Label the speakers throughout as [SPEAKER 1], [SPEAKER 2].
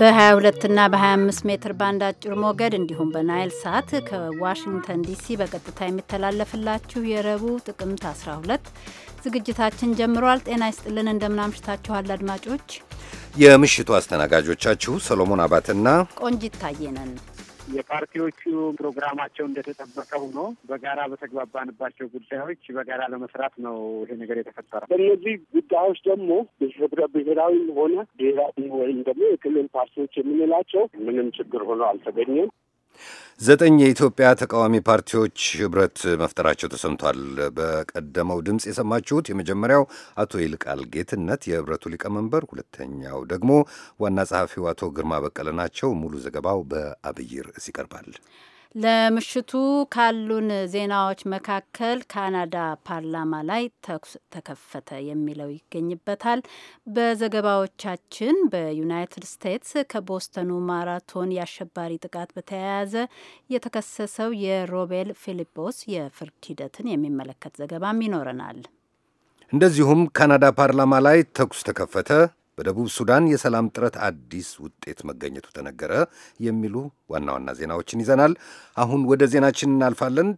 [SPEAKER 1] በ22 እና በ25 ሜትር ባንድ አጭር ሞገድ እንዲሁም በናይል ሳት ከዋሽንግተን ዲሲ በቀጥታ የሚተላለፍላችሁ የረቡዕ ጥቅምት 12 ዝግጅታችን ጀምሯል። ጤና ይስጥልን፣ እንደምናምሽታችኋል አድማጮች።
[SPEAKER 2] የምሽቱ አስተናጋጆቻችሁ ሰሎሞን አባትና
[SPEAKER 1] ቆንጂት ታየነን። የፓርቲዎቹ ፕሮግራማቸው
[SPEAKER 3] እንደተጠበቀ ሆኖ በጋራ በተግባባንባቸው ጉዳዮች በጋራ ለመስራት ነው ይሄ ነገር የተፈጠረ። በእነዚህ ጉዳዮች ደግሞ ህብረ ብሔራዊ ሆነ ብሔራዊ ወይም ደግሞ የክልል ፓርቲዎች የምንላቸው ምንም ችግር ሆኖ አልተገኘም።
[SPEAKER 2] ዘጠኝ የኢትዮጵያ ተቃዋሚ ፓርቲዎች ህብረት መፍጠራቸው ተሰምቷል። በቀደመው ድምፅ የሰማችሁት የመጀመሪያው አቶ ይልቃል ጌትነት የህብረቱ ሊቀመንበር፣ ሁለተኛው ደግሞ ዋና ጸሐፊው አቶ ግርማ በቀለ ናቸው። ሙሉ ዘገባው በአብይ ርዕስ ይቀርባል።
[SPEAKER 1] ለምሽቱ ካሉን ዜናዎች መካከል ካናዳ ፓርላማ ላይ ተኩስ ተከፈተ የሚለው ይገኝበታል። በዘገባዎቻችን በዩናይትድ ስቴትስ ከቦስተኑ ማራቶን የአሸባሪ ጥቃት በተያያዘ የተከሰሰው የሮቤል ፊሊፖስ የፍርድ ሂደትን የሚመለከት ዘገባም ይኖረናል።
[SPEAKER 2] እንደዚሁም ካናዳ ፓርላማ ላይ ተኩስ ተከፈተ። በደቡብ ሱዳን የሰላም ጥረት አዲስ ውጤት መገኘቱ ተነገረ የሚሉ ዋና ዋና ዜናዎችን ይዘናል። አሁን ወደ ዜናችን እናልፋለን።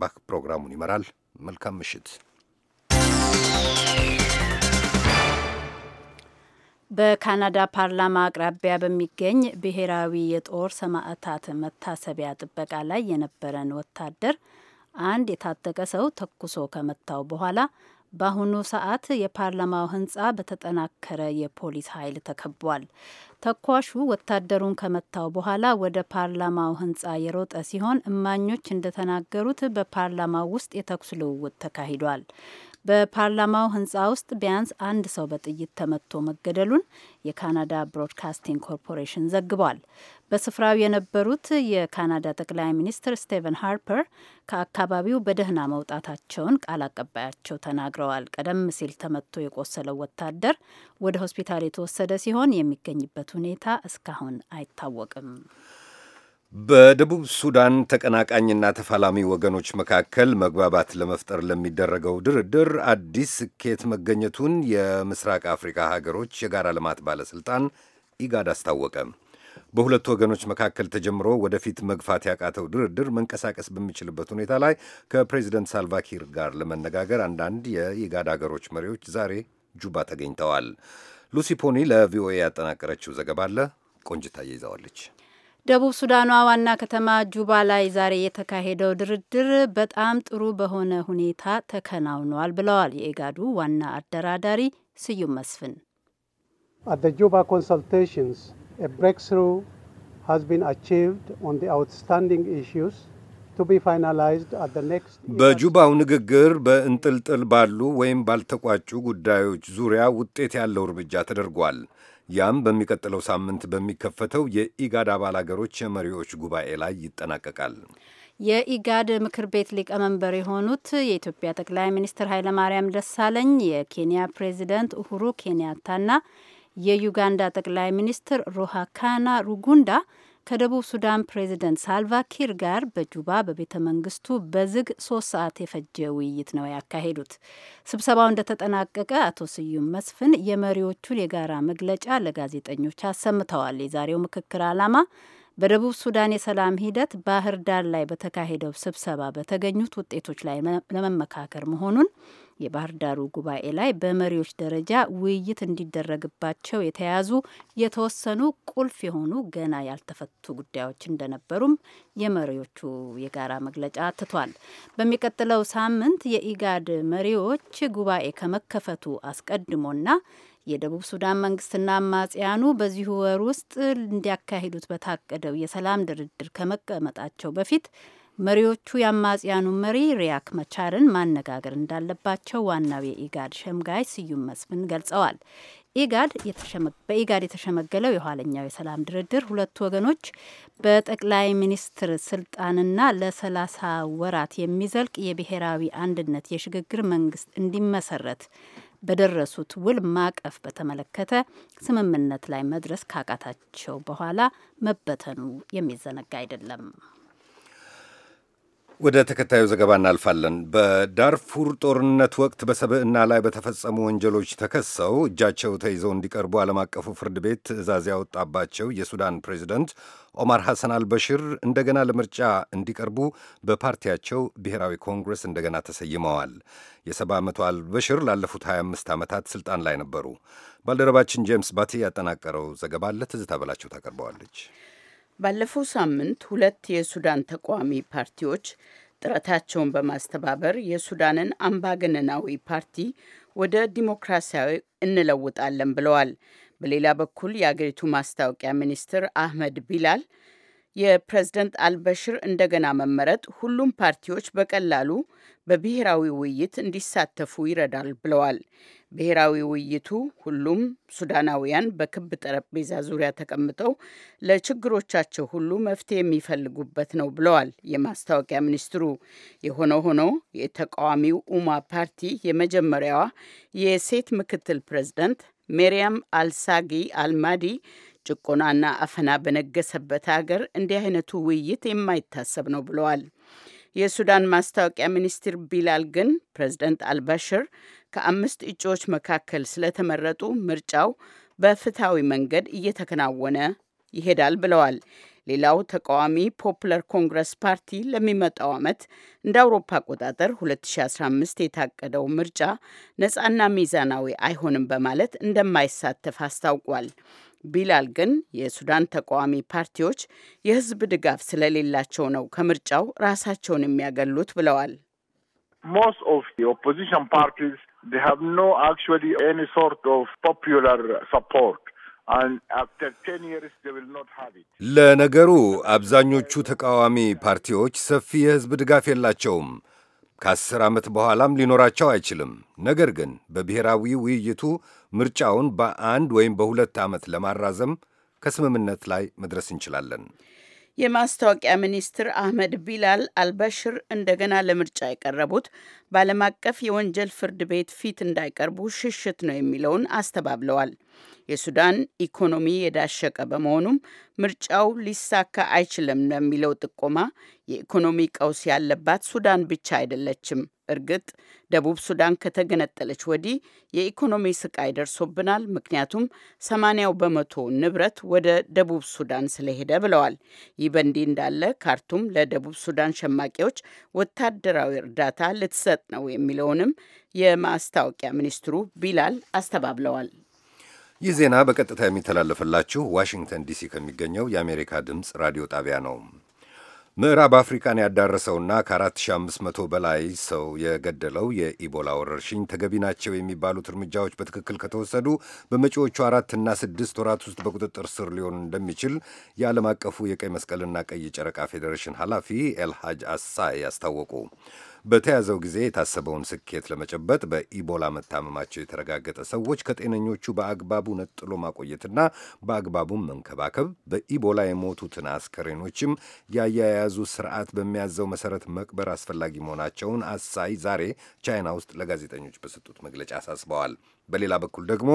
[SPEAKER 2] ባክ ፕሮግራሙን ይመራል። መልካም ምሽት።
[SPEAKER 1] በካናዳ ፓርላማ አቅራቢያ በሚገኝ ብሔራዊ የጦር ሰማዕታት መታሰቢያ ጥበቃ ላይ የነበረን ወታደር አንድ የታጠቀ ሰው ተኩሶ ከመታው በኋላ በአሁኑ ሰዓት የፓርላማው ህንጻ በተጠናከረ የፖሊስ ኃይል ተከቧል። ተኳሹ ወታደሩን ከመታው በኋላ ወደ ፓርላማው ህንጻ የሮጠ ሲሆን እማኞች እንደተናገሩት በፓርላማው ውስጥ የተኩስ ልውውጥ ተካሂዷል። በፓርላማው ህንጻ ውስጥ ቢያንስ አንድ ሰው በጥይት ተመቶ መገደሉን የካናዳ ብሮድካስቲንግ ኮርፖሬሽን ዘግቧል። በስፍራው የነበሩት የካናዳ ጠቅላይ ሚኒስትር ስቴቨን ሃርፐር ከአካባቢው በደህና መውጣታቸውን ቃል አቀባያቸው ተናግረዋል። ቀደም ሲል ተመቶ የቆሰለው ወታደር ወደ ሆስፒታል የተወሰደ ሲሆን የሚገኝበት ሁኔታ እስካሁን አይታወቅም።
[SPEAKER 2] በደቡብ ሱዳን ተቀናቃኝና ተፋላሚ ወገኖች መካከል መግባባት ለመፍጠር ለሚደረገው ድርድር አዲስ ስኬት መገኘቱን የምስራቅ አፍሪካ ሀገሮች የጋራ ልማት ባለስልጣን ኢጋድ አስታወቀ። በሁለቱ ወገኖች መካከል ተጀምሮ ወደፊት መግፋት ያቃተው ድርድር መንቀሳቀስ በሚችልበት ሁኔታ ላይ ከፕሬዚደንት ሳልቫኪር ጋር ለመነጋገር አንዳንድ የኢጋድ አገሮች መሪዎች ዛሬ ጁባ ተገኝተዋል። ሉሲ ፖኒ ለቪኦኤ ያጠናቀረችው ዘገባ አለ ቆንጅታ ይዛዋለች።
[SPEAKER 1] ደቡብ ሱዳኗ ዋና ከተማ ጁባ ላይ ዛሬ የተካሄደው ድርድር በጣም ጥሩ በሆነ ሁኔታ ተከናውኗል ብለዋል የኢጋዱ ዋና አደራዳሪ ስዩም መስፍን።
[SPEAKER 3] a breakthrough has been achieved on the outstanding issues
[SPEAKER 2] በጁባው ንግግር በእንጥልጥል ባሉ ወይም ባልተቋጩ ጉዳዮች ዙሪያ ውጤት ያለው እርምጃ ተደርጓል። ያም በሚቀጥለው ሳምንት በሚከፈተው የኢጋድ አባል አገሮች የመሪዎች ጉባኤ ላይ ይጠናቀቃል።
[SPEAKER 1] የኢጋድ ምክር ቤት ሊቀመንበር የሆኑት የኢትዮጵያ ጠቅላይ ሚኒስትር ኃይለማርያም ደሳለኝ፣ የኬንያ ፕሬዚደንት ኡሁሩ ኬንያታና የዩጋንዳ ጠቅላይ ሚኒስትር ሩሃካና ሩጉንዳ ከደቡብ ሱዳን ፕሬዚደንት ሳልቫኪር ጋር በጁባ በቤተ መንግስቱ በዝግ ሶስት ሰዓት የፈጀ ውይይት ነው ያካሄዱት። ስብሰባው እንደተጠናቀቀ አቶ ስዩም መስፍን የመሪዎቹን የጋራ መግለጫ ለጋዜጠኞች አሰምተዋል። የዛሬው ምክክር ዓላማ በደቡብ ሱዳን የሰላም ሂደት ባህር ዳር ላይ በተካሄደው ስብሰባ በተገኙት ውጤቶች ላይ ለመመካከር መሆኑን የባህር ዳሩ ጉባኤ ላይ በመሪዎች ደረጃ ውይይት እንዲደረግባቸው የተያዙ የተወሰኑ ቁልፍ የሆኑ ገና ያልተፈቱ ጉዳዮች እንደነበሩም የመሪዎቹ የጋራ መግለጫ ትቷል። በሚቀጥለው ሳምንት የኢጋድ መሪዎች ጉባኤ ከመከፈቱ አስቀድሞና የደቡብ ሱዳን መንግስትና አማጽያኑ በዚሁ ወር ውስጥ እንዲያካሂዱት በታቀደው የሰላም ድርድር ከመቀመጣቸው በፊት መሪዎቹ የአማጽያኑ መሪ ሪያክ መቻርን ማነጋገር እንዳለባቸው ዋናው የኢጋድ ሸምጋይ ስዩም መስፍን ገልጸዋል። በኢጋድ የተሸመገለው የኋለኛው የሰላም ድርድር ሁለቱ ወገኖች በጠቅላይ ሚኒስትር ስልጣንና ለሰላሳ ወራት የሚዘልቅ የብሔራዊ አንድነት የሽግግር መንግስት እንዲመሰረት በደረሱት ውል ማቀፍ በተመለከተ ስምምነት ላይ መድረስ ካቃታቸው በኋላ መበተኑ የሚዘነጋ አይደለም።
[SPEAKER 2] ወደ ተከታዩ ዘገባ እናልፋለን። በዳርፉር ጦርነት ወቅት በሰብዕና ላይ በተፈጸሙ ወንጀሎች ተከሰው እጃቸው ተይዘው እንዲቀርቡ ዓለም አቀፉ ፍርድ ቤት ትዕዛዝ ያወጣባቸው የሱዳን ፕሬዚደንት ኦማር ሐሰን አልበሽር እንደገና ለምርጫ እንዲቀርቡ በፓርቲያቸው ብሔራዊ ኮንግረስ እንደገና ተሰይመዋል። የሰባ ዓመቱ አልበሽር ላለፉት 25 ዓመታት ስልጣን ላይ ነበሩ። ባልደረባችን ጄምስ ባቲ ያጠናቀረው ዘገባ ለትዝታ በላቸው ታቀርበዋለች።
[SPEAKER 4] ባለፈው ሳምንት ሁለት የሱዳን ተቃዋሚ ፓርቲዎች ጥረታቸውን በማስተባበር የሱዳንን አምባገነናዊ ፓርቲ ወደ ዲሞክራሲያዊ እንለውጣለን ብለዋል። በሌላ በኩል የአገሪቱ ማስታወቂያ ሚኒስትር አህመድ ቢላል የፕሬዝደንት አልበሽር እንደገና መመረጥ ሁሉም ፓርቲዎች በቀላሉ በብሔራዊ ውይይት እንዲሳተፉ ይረዳል ብለዋል። ብሔራዊ ውይይቱ ሁሉም ሱዳናውያን በክብ ጠረጴዛ ዙሪያ ተቀምጠው ለችግሮቻቸው ሁሉ መፍትሄ የሚፈልጉበት ነው ብለዋል የማስታወቂያ ሚኒስትሩ። የሆነ ሆኖ የተቃዋሚው ኡማ ፓርቲ የመጀመሪያዋ የሴት ምክትል ፕሬዝደንት ሜሪያም አልሳጊ አልማዲ ጭቆናና አፈና በነገሰበት ሀገር እንዲህ አይነቱ ውይይት የማይታሰብ ነው ብለዋል። የሱዳን ማስታወቂያ ሚኒስትር ቢላል ግን ፕሬዝደንት አልባሽር ከአምስት እጩዎች መካከል ስለተመረጡ ምርጫው በፍትሐዊ መንገድ እየተከናወነ ይሄዳል ብለዋል። ሌላው ተቃዋሚ ፖፕለር ኮንግረስ ፓርቲ ለሚመጣው ዓመት እንደ አውሮፓ አቆጣጠር 2015 የታቀደው ምርጫ ነፃና ሚዛናዊ አይሆንም በማለት እንደማይሳተፍ አስታውቋል። ቢላል ግን የሱዳን ተቃዋሚ ፓርቲዎች የህዝብ ድጋፍ ስለሌላቸው ነው ከምርጫው ራሳቸውን የሚያገሉት ብለዋል።
[SPEAKER 2] ለነገሩ አብዛኞቹ ተቃዋሚ ፓርቲዎች ሰፊ የህዝብ ድጋፍ የላቸውም። ከአስር ዓመት በኋላም ሊኖራቸው አይችልም። ነገር ግን በብሔራዊ ውይይቱ ምርጫውን በአንድ ወይም በሁለት ዓመት ለማራዘም ከስምምነት ላይ መድረስ እንችላለን።
[SPEAKER 4] የማስታወቂያ ሚኒስትር አህመድ ቢላል አልበሽር እንደገና ለምርጫ የቀረቡት በዓለም አቀፍ የወንጀል ፍርድ ቤት ፊት እንዳይቀርቡ ሽሽት ነው የሚለውን አስተባብለዋል። የሱዳን ኢኮኖሚ የዳሸቀ በመሆኑም ምርጫው ሊሳካ አይችልም ነው የሚለው ጥቆማ የኢኮኖሚ ቀውስ ያለባት ሱዳን ብቻ አይደለችም። እርግጥ ደቡብ ሱዳን ከተገነጠለች ወዲህ የኢኮኖሚ ስቃይ ደርሶብናል፣ ምክንያቱም ሰማንያው በመቶ ንብረት ወደ ደቡብ ሱዳን ስለሄደ ብለዋል። ይህ በእንዲህ እንዳለ ካርቱም ለደቡብ ሱዳን ሸማቂዎች ወታደራዊ እርዳታ ልትሰጥ ነው የሚለውንም የማስታወቂያ ሚኒስትሩ ቢላል አስተባብለዋል።
[SPEAKER 2] ይህ ዜና በቀጥታ የሚተላለፍላችሁ ዋሽንግተን ዲሲ ከሚገኘው የአሜሪካ ድምፅ ራዲዮ ጣቢያ ነው። ምዕራብ አፍሪካን ያዳረሰውና ከ4500 በላይ ሰው የገደለው የኢቦላ ወረርሽኝ ተገቢ ናቸው የሚባሉት እርምጃዎች በትክክል ከተወሰዱ በመጪዎቹ አራትና ስድስት ወራት ውስጥ በቁጥጥር ስር ሊሆን እንደሚችል የዓለም አቀፉ የቀይ መስቀልና ቀይ ጨረቃ ፌዴሬሽን ኃላፊ ኤልሃጅ አሳይ አስታወቁ። በተያዘው ጊዜ የታሰበውን ስኬት ለመጨበጥ በኢቦላ መታመማቸው የተረጋገጠ ሰዎች ከጤነኞቹ በአግባቡ ነጥሎ ማቆየትና በአግባቡም መንከባከብ፣ በኢቦላ የሞቱትን አስከሬኖችም ያያያዙ ስርዓት በሚያዘው መሰረት መቅበር አስፈላጊ መሆናቸውን አሳይ ዛሬ ቻይና ውስጥ ለጋዜጠኞች በሰጡት መግለጫ አሳስበዋል። በሌላ በኩል ደግሞ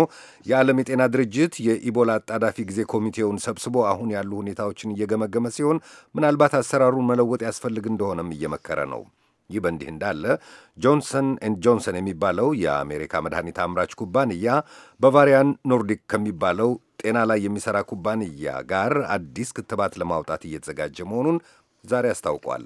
[SPEAKER 2] የዓለም የጤና ድርጅት የኢቦላ አጣዳፊ ጊዜ ኮሚቴውን ሰብስቦ አሁን ያሉ ሁኔታዎችን እየገመገመ ሲሆን ምናልባት አሰራሩን መለወጥ ያስፈልግ እንደሆነም እየመከረ ነው። ይህ በእንዲህ እንዳለ ጆንሰን ኤንድ ጆንሰን የሚባለው የአሜሪካ መድኃኒት አምራች ኩባንያ ባቫሪያን ኖርዲክ ከሚባለው ጤና ላይ የሚሠራ ኩባንያ ጋር አዲስ ክትባት ለማውጣት እየተዘጋጀ መሆኑን ዛሬ አስታውቋል።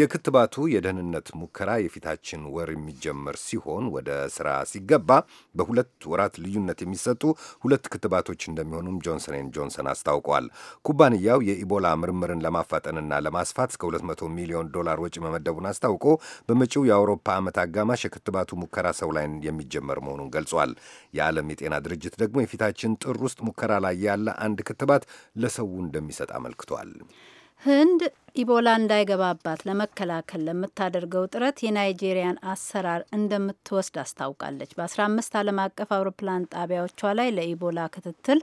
[SPEAKER 2] የክትባቱ የደህንነት ሙከራ የፊታችን ወር የሚጀመር ሲሆን ወደ ስራ ሲገባ በሁለት ወራት ልዩነት የሚሰጡ ሁለት ክትባቶች እንደሚሆኑም ጆንሰን ኤንድ ጆንሰን አስታውቋል። ኩባንያው የኢቦላ ምርምርን ለማፋጠንና ለማስፋት እስከ 200 ሚሊዮን ዶላር ወጪ መመደቡን አስታውቆ በመጪው የአውሮፓ ዓመት አጋማሽ የክትባቱ ሙከራ ሰው ላይ የሚጀመር መሆኑን ገልጿል። የዓለም የጤና ድርጅት ደግሞ የፊታችን ጥር ውስጥ ሙከራ ላይ ያለ አንድ ክትባት ለሰው እንደሚሰጥ አመልክቷል።
[SPEAKER 1] ህንድ ኢቦላ እንዳይገባባት ለመከላከል ለምታደርገው ጥረት የናይጄሪያን አሰራር እንደምትወስድ አስታውቃለች በአስራ አምስት ዓለም አቀፍ አውሮፕላን ጣቢያዎቿ ላይ ለኢቦላ ክትትል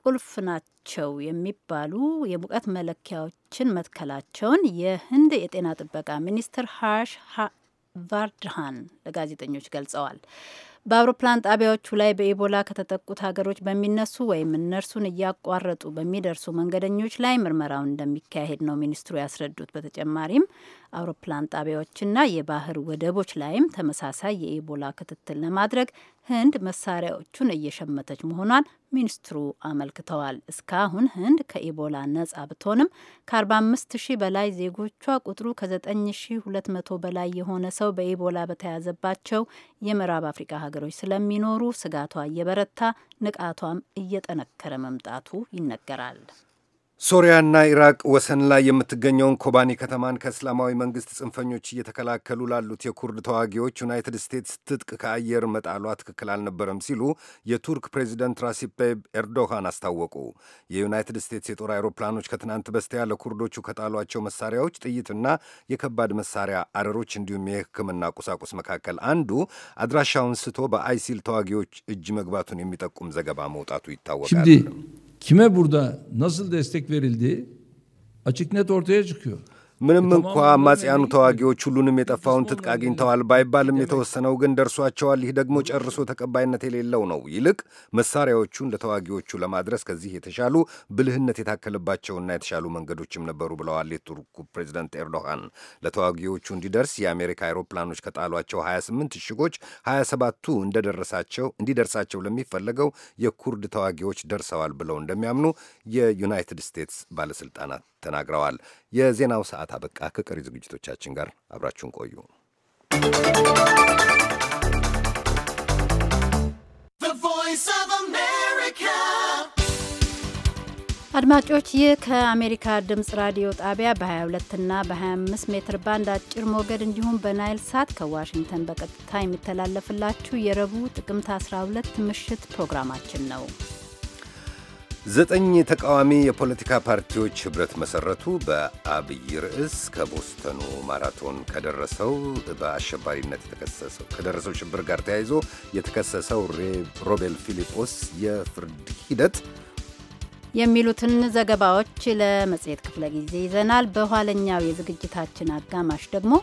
[SPEAKER 1] ቁልፍ ናቸው የሚባሉ የሙቀት መለኪያዎችን መትከላቸውን የህንድ የጤና ጥበቃ ሚኒስትር ሃርሽ ቫርድሃን ለጋዜጠኞች ገልጸዋል። በአውሮፕላን ጣቢያዎቹ ላይ በኢቦላ ከተጠቁት ሀገሮች በሚነሱ ወይም እነርሱን እያቋረጡ በሚደርሱ መንገደኞች ላይ ምርመራውን እንደሚካሄድ ነው ሚኒስትሩ ያስረዱት። በተጨማሪም አውሮፕላን ጣቢያዎችና የባህር ወደቦች ላይም ተመሳሳይ የኢቦላ ክትትል ለማድረግ ህንድ መሳሪያዎቹን እየሸመተች መሆኗን ሚኒስትሩ አመልክተዋል። እስካሁን ህንድ ከኢቦላ ነጻ ብትሆንም ከ45 ሺህ በላይ ዜጎቿ ቁጥሩ ከ9200 በላይ የሆነ ሰው በኢቦላ በተያዘባቸው የምዕራብ አፍሪካ ሀገሮች ስለሚኖሩ ስጋቷ እየበረታ ንቃቷም እየጠነከረ መምጣቱ ይነገራል።
[SPEAKER 2] ሶሪያና ኢራቅ ወሰን ላይ የምትገኘውን ኮባኒ ከተማን ከእስላማዊ መንግስት ጽንፈኞች እየተከላከሉ ላሉት የኩርድ ተዋጊዎች ዩናይትድ ስቴትስ ትጥቅ ከአየር መጣሏ ትክክል አልነበረም ሲሉ የቱርክ ፕሬዚደንት ራሲፕ ታይብ ኤርዶሃን አስታወቁ። የዩናይትድ ስቴትስ የጦር አይሮፕላኖች ከትናንት በስቲያ ለኩርዶቹ ከጣሏቸው መሳሪያዎች ጥይትና የከባድ መሳሪያ አረሮች እንዲሁም የሕክምና ቁሳቁስ መካከል አንዱ አድራሻውን ስቶ በአይሲል ተዋጊዎች እጅ መግባቱን የሚጠቁም ዘገባ መውጣቱ ይታወቃል።
[SPEAKER 1] kime burada nasıl destek verildiği açık net ortaya çıkıyor. ምንም እንኳ
[SPEAKER 2] አማጽያኑ ተዋጊዎች ሁሉንም የጠፋውን ትጥቅ አግኝተዋል ባይባልም የተወሰነው ግን ደርሷቸዋል። ይህ ደግሞ ጨርሶ ተቀባይነት የሌለው ነው። ይልቅ መሳሪያዎቹን ለተዋጊዎቹ ለማድረስ ከዚህ የተሻሉ ብልህነት የታከለባቸውና የተሻሉ መንገዶችም ነበሩ ብለዋል የቱርኩ ፕሬዚደንት ኤርዶሃን። ለተዋጊዎቹ እንዲደርስ የአሜሪካ አይሮፕላኖች ከጣሏቸው 28 እሽጎች 27ቱ እንደደረሳቸው እንዲደርሳቸው ለሚፈለገው የኩርድ ተዋጊዎች ደርሰዋል ብለው እንደሚያምኑ የዩናይትድ ስቴትስ ባለሥልጣናት ተናግረዋል። የዜናው ሰዓት ሰዓት አበቃ። ከቀሪ ዝግጅቶቻችን ጋር አብራችሁን ቆዩ።
[SPEAKER 1] አድማጮች ይህ ከአሜሪካ ድምፅ ራዲዮ ጣቢያ በ22 እና በ25 ሜትር ባንድ አጭር ሞገድ እንዲሁም በናይል ሳት ከዋሽንግተን በቀጥታ የሚተላለፍላችሁ የረቡዕ ጥቅምት 12 ምሽት ፕሮግራማችን ነው።
[SPEAKER 2] ዘጠኝ ተቃዋሚ የፖለቲካ ፓርቲዎች ኅብረት መሠረቱ። በአብይ ርዕስ ከቦስተኑ ማራቶን ከደረሰው በአሸባሪነት የተከሰሰው ከደረሰው ሽብር ጋር ተያይዞ የተከሰሰው ሮቤል ፊሊጶስ የፍርድ ሂደት
[SPEAKER 1] የሚሉትን ዘገባዎች ለመጽሔት ክፍለ ጊዜ ይዘናል። በኋለኛው የዝግጅታችን አጋማሽ ደግሞ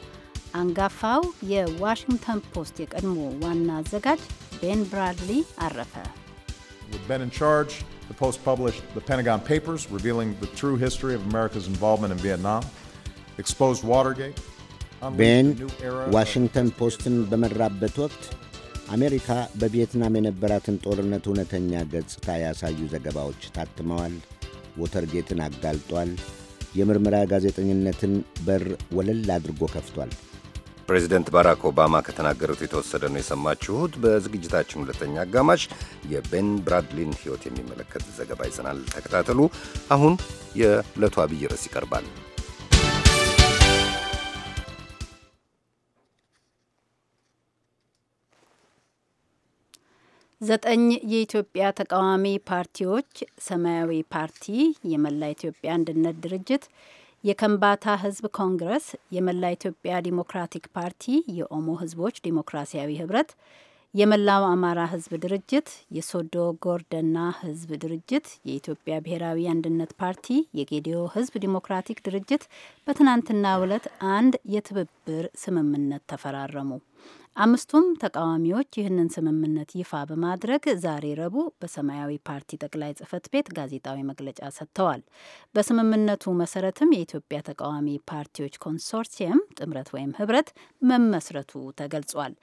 [SPEAKER 1] አንጋፋው የዋሽንግተን ፖስት የቀድሞ ዋና አዘጋጅ ቤን ብራድሊ አረፈ።
[SPEAKER 5] The Post published the Pentagon Papers, revealing the true history of America's involvement in Vietnam, exposed Watergate. ቤን ዋሽንግተን
[SPEAKER 6] ፖስትን በመራበት ወቅት አሜሪካ በቪየትናም የነበራትን ጦርነት እውነተኛ ገጽታ ያሳዩ ዘገባዎች ታትመዋል። ዎተርጌትን አጋልጧል። የምርመራ ጋዜጠኝነትን በር ወለል አድርጎ ከፍቷል።
[SPEAKER 2] ፕሬዚደንት ባራክ ኦባማ ከተናገሩት የተወሰደ ነው የሰማችሁት። በዝግጅታችን ሁለተኛ አጋማሽ የቤን ብራድሊን ሕይወት የሚመለከት ዘገባ ይዘናል። ተከታተሉ። አሁን የዕለቱ አብይ ርዕስ ይቀርባል።
[SPEAKER 1] ዘጠኝ የኢትዮጵያ ተቃዋሚ ፓርቲዎች ሰማያዊ ፓርቲ፣ የመላ ኢትዮጵያ አንድነት ድርጅት የከምባታ ህዝብ ኮንግረስ፣ የመላ ኢትዮጵያ ዲሞክራቲክ ፓርቲ፣ የኦሞ ህዝቦች ዲሞክራሲያዊ ህብረት፣ የመላው አማራ ህዝብ ድርጅት፣ የሶዶ ጎርደና ህዝብ ድርጅት፣ የኢትዮጵያ ብሔራዊ አንድነት ፓርቲ፣ የጌዲዮ ህዝብ ዲሞክራቲክ ድርጅት በትናንትናው ዕለት አንድ የትብብር ስምምነት ተፈራረሙ። አምስቱም ተቃዋሚዎች ይህንን ስምምነት ይፋ በማድረግ ዛሬ ረቡዕ በሰማያዊ ፓርቲ ጠቅላይ ጽህፈት ቤት ጋዜጣዊ መግለጫ ሰጥተዋል። በስምምነቱ መሰረትም የኢትዮጵያ ተቃዋሚ ፓርቲዎች ኮንሶርቲየም ጥምረት ወይም ህብረት መመስረቱ ተገልጿል።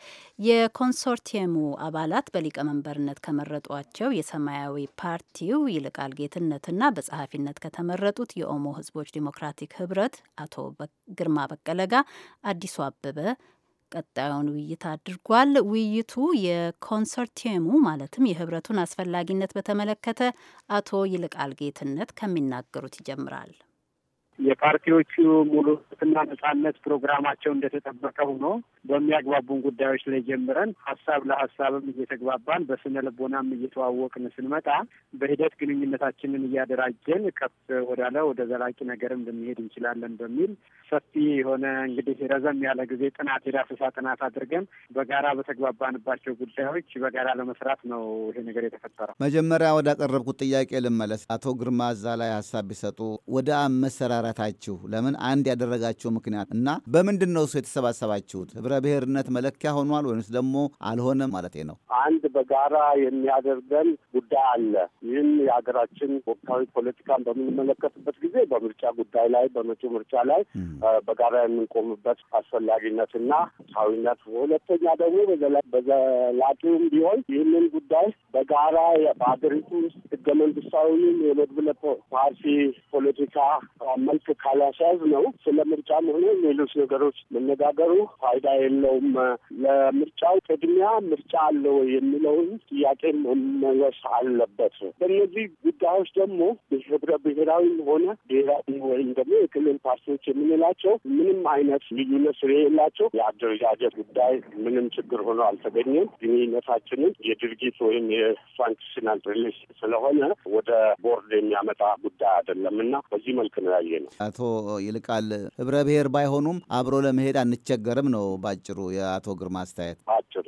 [SPEAKER 1] የኮንሶርቲየሙ አባላት በሊቀመንበርነት ከመረጧቸው የሰማያዊ ፓርቲው ይልቃል ጌትነትና በጸሐፊነት ከተመረጡት የኦሞ ህዝቦች ዲሞክራቲክ ህብረት አቶ ግርማ በቀለ ጋር አዲሱ አበበ ቀጣዩን ውይይት አድርጓል። ውይይቱ የኮንሰርቲየሙ ማለትም የህብረቱን አስፈላጊነት በተመለከተ አቶ ይልቃል ጌትነት ከሚናገሩት ይጀምራል።
[SPEAKER 3] የፓርቲዎቹ ሙሉትና ነጻነት ፕሮግራማቸው እንደተጠበቀ ሆኖ በሚያግባቡን ጉዳዮች ላይ ጀምረን ሀሳብ ለሀሳብም እየተግባባን በስነ ልቦናም እየተዋወቅን ስንመጣ በሂደት ግንኙነታችንን እያደራጀን ከፍ ወዳለ ወደ ዘላቂ ነገርም ልንሄድ እንችላለን በሚል ሰፊ የሆነ እንግዲህ ረዘም ያለ ጊዜ ጥናት የዳሰሳ ጥናት አድርገን በጋራ በተግባባንባቸው ጉዳዮች በጋራ ለመስራት ነው ይሄ ነገር የተፈጠረው።
[SPEAKER 5] መጀመሪያ ወዳቀረብኩት ጥያቄ ልመለስ። አቶ ግርማ እዛ ላይ ሀሳብ ቢሰጡ ወደ አመሰራራ መሰረታችሁ? ለምን አንድ ያደረጋችሁ ምክንያት እና በምንድን ነው እሱ የተሰባሰባችሁት? ህብረ ብሔርነት መለኪያ ሆኗል ወይምስ ደግሞ አልሆነም ማለት ነው?
[SPEAKER 3] አንድ በጋራ የሚያደርገን ጉዳይ አለ። ይህም የሀገራችን ወቅታዊ ፖለቲካን በምንመለከትበት ጊዜ በምርጫ ጉዳይ ላይ በመጪው ምርጫ ላይ በጋራ የምንቆምበት አስፈላጊነትና ሳዊነት፣ ሁለተኛ ደግሞ በዘላቂውም ቢሆን ይህንን ጉዳይ በጋራ በሀገሪቱ ህገ መንግስታዊ የመድብለ ፓርቲ ፖለቲካ መልስ በጥብቅ ካላስያዝ ነው ስለ ምርጫም ሆነ ሌሎች ነገሮች መነጋገሩ ፋይዳ የለውም። ለምርጫው ቅድሚያ ምርጫ አለው የሚለውን ጥያቄ መመለስ አለበት። በእነዚህ ጉዳዮች ደግሞ ህብረ ብሔራዊም ሆነ ብሔራዊ ወይም ደግሞ የክልል ፓርቲዎች የምንላቸው ምንም አይነት ልዩነት ስለሌላቸው የአደረጃጀት ጉዳይ ምንም ችግር ሆኖ አልተገኘም። ግንኙነታችንን የድርጊት ወይም የፋንክሽናል ሪሊስ ስለሆነ ወደ ቦርድ የሚያመጣ ጉዳይ አይደለም እና በዚህ መልክ ነው ያየ ነው።
[SPEAKER 5] አቶ ይልቃል ህብረ ብሔር ባይሆኑም አብሮ ለመሄድ አንቸገርም ነው ባጭሩ የአቶ ግርማ አስተያየት ባጭሩ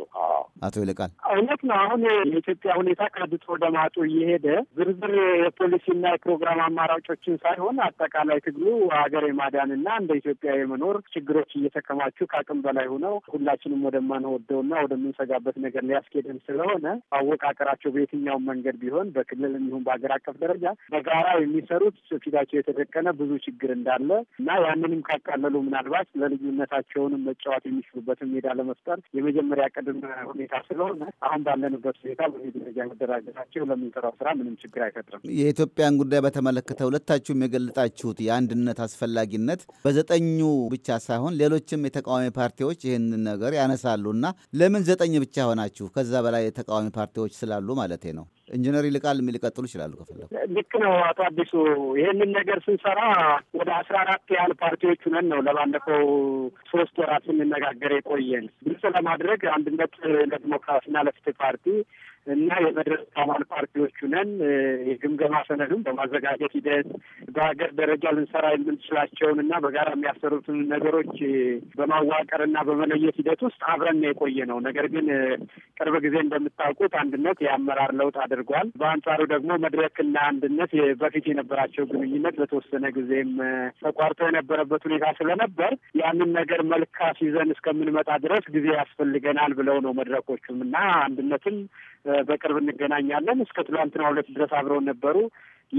[SPEAKER 5] አቶ ይልቃል?
[SPEAKER 3] እውነት ነው። አሁን የኢትዮጵያ ሁኔታ ከድጡ ወደ ማጡ እየሄደ ዝርዝር የፖሊሲና የፕሮግራም አማራጮችን ሳይሆን አጠቃላይ ትግሉ ሀገር የማዳንና እንደ ኢትዮጵያ የመኖር ችግሮች እየተከማቹ ከአቅም በላይ ሆነው ሁላችንም ወደማንወደውና ወደምንሰጋበት ነገር ሊያስኬደን ስለሆነ አወቃቀራቸው በየትኛውም መንገድ ቢሆን በክልል እንዲሁም በሀገር አቀፍ ደረጃ በጋራ የሚሰሩት ፊታቸው የተደቀነ ብዙ ችግር እንዳለ እና ያንንም ካቃለሉ ምናልባት ለልዩነታቸውንም መጫወት የሚችሉበትን ሜዳ ለመፍጠር የመጀመሪያ ቅድም ሁኔታ ሁኔታ ስለሆነ አሁን ባለንበት ሁኔታ በዚህ ደረጃ መደራጀታቸው ለምንሰራው ስራ ምንም ችግር አይፈጥርም።
[SPEAKER 5] የኢትዮጵያን ጉዳይ በተመለከተ ሁለታችሁም የገለጣችሁት የአንድነት አስፈላጊነት በዘጠኙ ብቻ ሳይሆን ሌሎችም የተቃዋሚ ፓርቲዎች ይህንን ነገር ያነሳሉ እና ለምን ዘጠኝ ብቻ ሆናችሁ ከዛ በላይ የተቃዋሚ ፓርቲዎች ስላሉ ማለት ነው። ኢንጂነር ይልቃል ሊቀጥሉ ይችላሉ ከፈለጉ።
[SPEAKER 3] ልክ ነው አቶ አዲሱ። ይህንን ነገር ስንሰራ ወደ አስራ አራት ያህል ፓርቲዎች ነን ነው ለባለፈው ሶስት ወራት ስንነጋገር የቆየን። ግልጽ ለማድረግ አንድነት ለዲሞክራሲና ለፍትህ ፓርቲ እና የመድረስ አባል ፓርቲዎቹ ነን። የግምገማ ሰነዱን በማዘጋጀት ሂደት በሀገር ደረጃ ልንሰራ የምንችላቸውን እና በጋራ የሚያሰሩትን ነገሮች በማዋቀር እና በመለየት ሂደት ውስጥ አብረን የቆየ ነው። ነገር ግን ቅርብ ጊዜ እንደምታውቁት አንድነት የአመራር ለውጥ አድርጓል። በአንጻሩ ደግሞ መድረክና አንድነት በፊት የነበራቸው ግንኙነት ለተወሰነ ጊዜም ተቋርጦ የነበረበት ሁኔታ ስለነበር ያንን ነገር መልካ ሲዘን እስከምንመጣ ድረስ ጊዜ ያስፈልገናል ብለው ነው መድረኮቹም እና አንድነትም በቅርብ እንገናኛለን። እስከ ትላንትና ሁለት ድረስ አብረውን ነበሩ።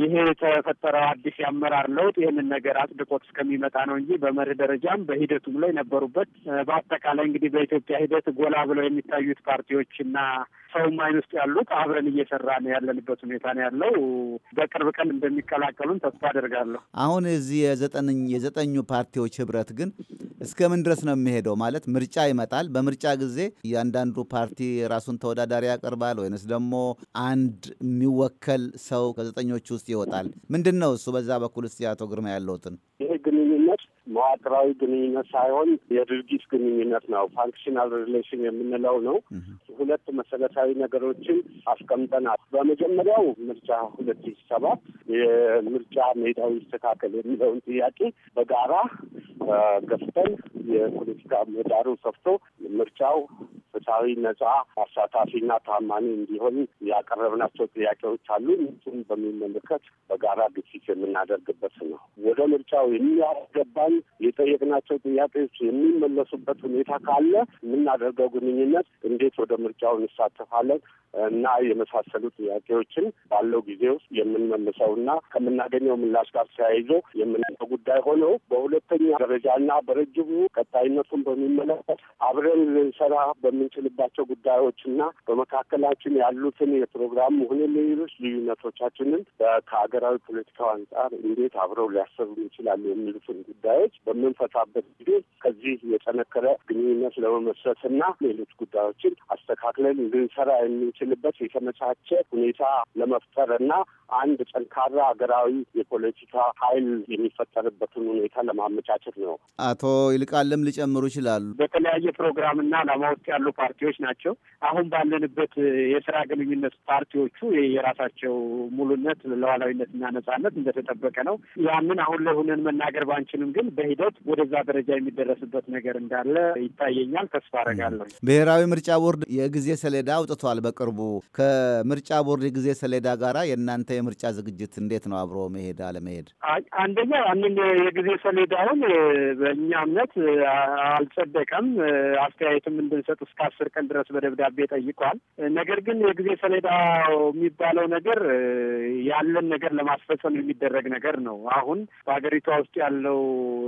[SPEAKER 3] ይሄ የተፈጠረው አዲስ የአመራር ለውጥ ይህንን ነገር አጽድቆት እስከሚመጣ ነው እንጂ በመርህ ደረጃም በሂደቱም ላይ ነበሩበት። በአጠቃላይ እንግዲህ በኢትዮጵያ ሂደት ጎላ ብለው የሚታዩት ፓርቲዎች እና ሰውም አይን ውስጥ ያሉት አብረን ነው ያለንበት ሁኔታ ነው ያለው። በቅርብ ቀን እንደሚቀላቀሉን ተስፋ አደርጋለሁ።
[SPEAKER 5] አሁን እዚህ የዘጠኝ የዘጠኙ ፓርቲዎች ህብረት ግን እስከምን ድረስ ነው የሚሄደው? ማለት ምርጫ ይመጣል። በምርጫ ጊዜ እያንዳንዱ ፓርቲ ራሱን ተወዳዳሪ ያቀርባል ወይንስ ደግሞ አንድ የሚወከል ሰው ከዘጠኞቹ ውስጥ ይወጣል? ምንድን ነው እሱ በዛ በኩል ውስጥ አቶ ግርማ ያለውትን
[SPEAKER 3] ይሄ ግንኙነት መዋቅራዊ ግንኙነት ሳይሆን የድርጊት ግንኙነት ነው። ፋንክሽናል ሪሌሽን የምንለው ነው። ሁለት መሰረታዊ ነገሮችን አስቀምጠናል። በመጀመሪያው ምርጫ ሁለት ሺህ ሰባት የምርጫ ሜዳው ይስተካከል የሚለውን ጥያቄ በጋራ ገፍተን የፖለቲካ ምህዳሩ ሰፍቶ ምርጫው ፍትሐዊ፣ ነጻ፣ አሳታፊና ታማኒ እንዲሆን ያቀረብናቸው ጥያቄዎች አሉ። እሱን በሚመለከት በጋራ ግፊት የምናደርግበት ነው። ወደ ምርጫው የሚያስገባን አድርገን የጠየቅናቸው ጥያቄዎች የሚመለሱበት ሁኔታ ካለ የምናደርገው ግንኙነት እንዴት ወደ ምርጫው እንሳተፋለን እና የመሳሰሉ ጥያቄዎችን ባለው ጊዜ ውስጥ የምንመልሰው እና ከምናገኘው ምላሽ ጋር ተያይዞ የምናየው ጉዳይ ሆነው በሁለተኛ ደረጃና በረጅቡ ቀጣይነቱን በሚመለከት አብረን ልንሰራ በምንችልባቸው ጉዳዮች እና በመካከላችን ያሉትን የፕሮግራም ሆነ ሌሎች ልዩነቶቻችንን ከሀገራዊ ፖለቲካው አንጻር እንዴት አብረው ሊያሰሩ ይችላሉ የሚሉትን ጉዳዮች ጉዳዮች በምንፈታበት ጊዜ ከዚህ የጠነከረ ግንኙነት ለመመስረት እና ሌሎች ጉዳዮችን አስተካክለን ልንሰራ የምንችልበት የተመቻቸ ሁኔታ ለመፍጠር እና አንድ ጠንካራ ሀገራዊ የፖለቲካ ኃይል የሚፈጠርበትን ሁኔታ ለማመቻቸት ነው።
[SPEAKER 5] አቶ ይልቃለም ሊጨምሩ ይችላሉ።
[SPEAKER 3] በተለያየ ፕሮግራምና ዓላማ ውስጥ ያሉ ፓርቲዎች ናቸው። አሁን ባለንበት የስራ ግንኙነት ፓርቲዎቹ የራሳቸው ሙሉነት፣ ለዋላዊነትና ነጻነት እንደተጠበቀ ነው። ያንን አሁን ላይ ሆነን መናገር ባንችልም ግን በሂደት ወደዛ ደረጃ የሚደረስበት ነገር እንዳለ ይታየኛል። ተስፋ አረጋለሁ።
[SPEAKER 5] ብሔራዊ ምርጫ ቦርድ የጊዜ ሰሌዳ አውጥቷል በቅርቡ። ከምርጫ ቦርድ የጊዜ ሰሌዳ ጋራ የእናንተ የምርጫ ዝግጅት እንዴት ነው? አብሮ መሄድ አለመሄድ?
[SPEAKER 3] አንደኛ ያንን የጊዜ ሰሌዳውን በእኛ እምነት አልጸደቀም። አስተያየትም እንድንሰጥ እስከ አስር ቀን ድረስ በደብዳቤ ጠይቋል። ነገር ግን የጊዜ ሰሌዳ የሚባለው ነገር ያለን ነገር ለማስፈጸም የሚደረግ ነገር ነው። አሁን በሀገሪቷ ውስጥ ያለው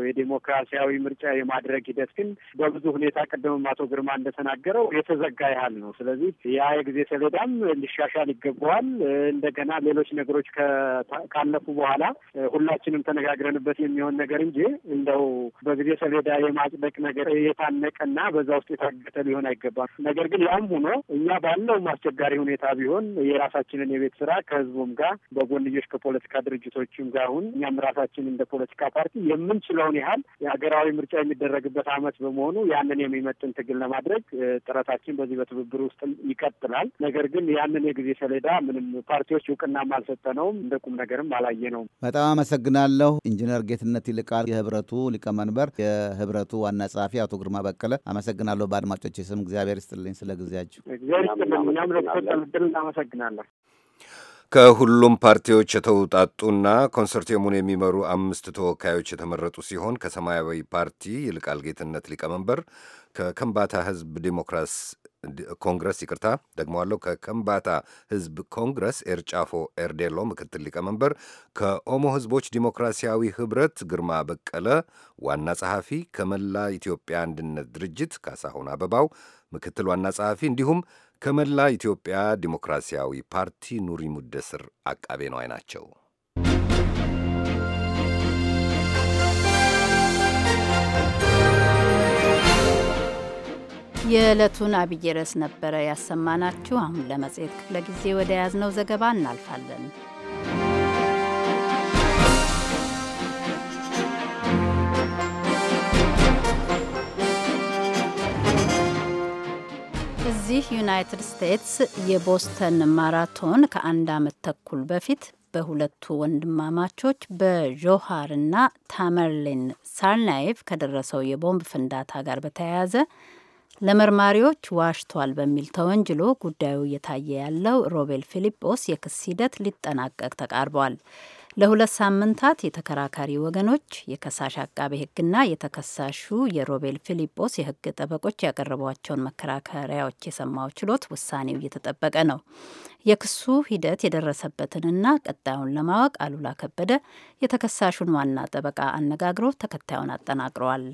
[SPEAKER 3] የዴሞክራሲያዊ ምርጫ የማድረግ ሂደት ግን በብዙ ሁኔታ ቀደምም አቶ ግርማ እንደተናገረው የተዘጋ ያህል ነው። ስለዚህ ያ የጊዜ ሰሌዳም ሊሻሻል ይገባዋል። እንደገና ሌሎች ነገሮች ካለፉ በኋላ ሁላችንም ተነጋግረንበት የሚሆን ነገር እንጂ እንደው በጊዜ ሰሌዳ የማጽደቅ ነገር የታነቀና በዛ ውስጥ የታገተ ሊሆን አይገባም። ነገር ግን ያም ሆኖ እኛ ባለውም አስቸጋሪ ሁኔታ ቢሆን የራሳችንን የቤት ስራ ከህዝቡም ጋር በጎንዮሽ ከፖለቲካ ድርጅቶችም ጋር አሁን እኛም ራሳችን እንደ ፖለቲካ ፓርቲ የምንችለው የሚቻለውን ያህል የሀገራዊ ምርጫ የሚደረግበት አመት በመሆኑ ያንን የሚመጥን ትግል ለማድረግ ጥረታችን በዚህ በትብብር ውስጥ ይቀጥላል። ነገር ግን ያንን የጊዜ ሰሌዳ ምንም ፓርቲዎች እውቅናም አልሰጠነውም እንደ ቁም ነገርም አላየነውም።
[SPEAKER 5] በጣም አመሰግናለሁ። ኢንጂነር ጌትነት ይልቃል የህብረቱ ሊቀመንበር፣ የህብረቱ ዋና ጸሐፊ አቶ ግርማ በቀለ አመሰግናለሁ። በአድማጮች ስም እግዚአብሔር ይስጥልኝ ስለ ጊዜያቸው።
[SPEAKER 3] እግዚአብሔር ይስጥልኝ። እኛም ለተሰጠን ዕድል እናመሰግናለን።
[SPEAKER 2] ከሁሉም ፓርቲዎች የተውጣጡና ኮንሰርቲየሙን የሚመሩ አምስት ተወካዮች የተመረጡ ሲሆን ከሰማያዊ ፓርቲ ይልቃል ጌትነት ሊቀመንበር፣ ከከምባታ ህዝብ ዲሞክራስ ኮንግረስ ይቅርታ ደግሞዋለሁ፣ ከከምባታ ህዝብ ኮንግረስ ኤርጫፎ ኤርዴሎ ምክትል ሊቀመንበር፣ ከኦሞ ህዝቦች ዲሞክራሲያዊ ህብረት ግርማ በቀለ ዋና ጸሐፊ፣ ከመላ ኢትዮጵያ አንድነት ድርጅት ካሳሁን አበባው ምክትል ዋና ጸሐፊ እንዲሁም ከመላ ኢትዮጵያ ዲሞክራሲያዊ ፓርቲ ኑሪ ሙደስር አቃቤ ነዋይ ናቸው።
[SPEAKER 1] የዕለቱን አብይ ርዕስ ነበረ ያሰማናችሁ። አሁን ለመጽሔት ክፍለ ጊዜ ወደ ያዝነው ዘገባ እናልፋለን። በዚህ ዩናይትድ ስቴትስ የቦስተን ማራቶን ከአንድ ዓመት ተኩል በፊት በሁለቱ ወንድማማቾች በዦሃርና ታመርሊን ሳርናይቭ ከደረሰው የቦምብ ፍንዳታ ጋር በተያያዘ ለመርማሪዎች ዋሽቷል በሚል ተወንጅሎ ጉዳዩ እየታየ ያለው ሮቤል ፊሊጶስ የክስ ሂደት ሊጠናቀቅ ተቃርቧል። ለሁለት ሳምንታት የተከራካሪ ወገኖች የከሳሽ አቃቤ ሕግና የተከሳሹ የሮቤል ፊሊጶስ የሕግ ጠበቆች ያቀረቧቸውን መከራከሪያዎች የሰማው ችሎት ውሳኔው እየተጠበቀ ነው። የክሱ ሂደት የደረሰበትንና ቀጣዩን ለማወቅ አሉላ ከበደ የተከሳሹን ዋና ጠበቃ አነጋግሮ ተከታዩን አጠናቅረዋል።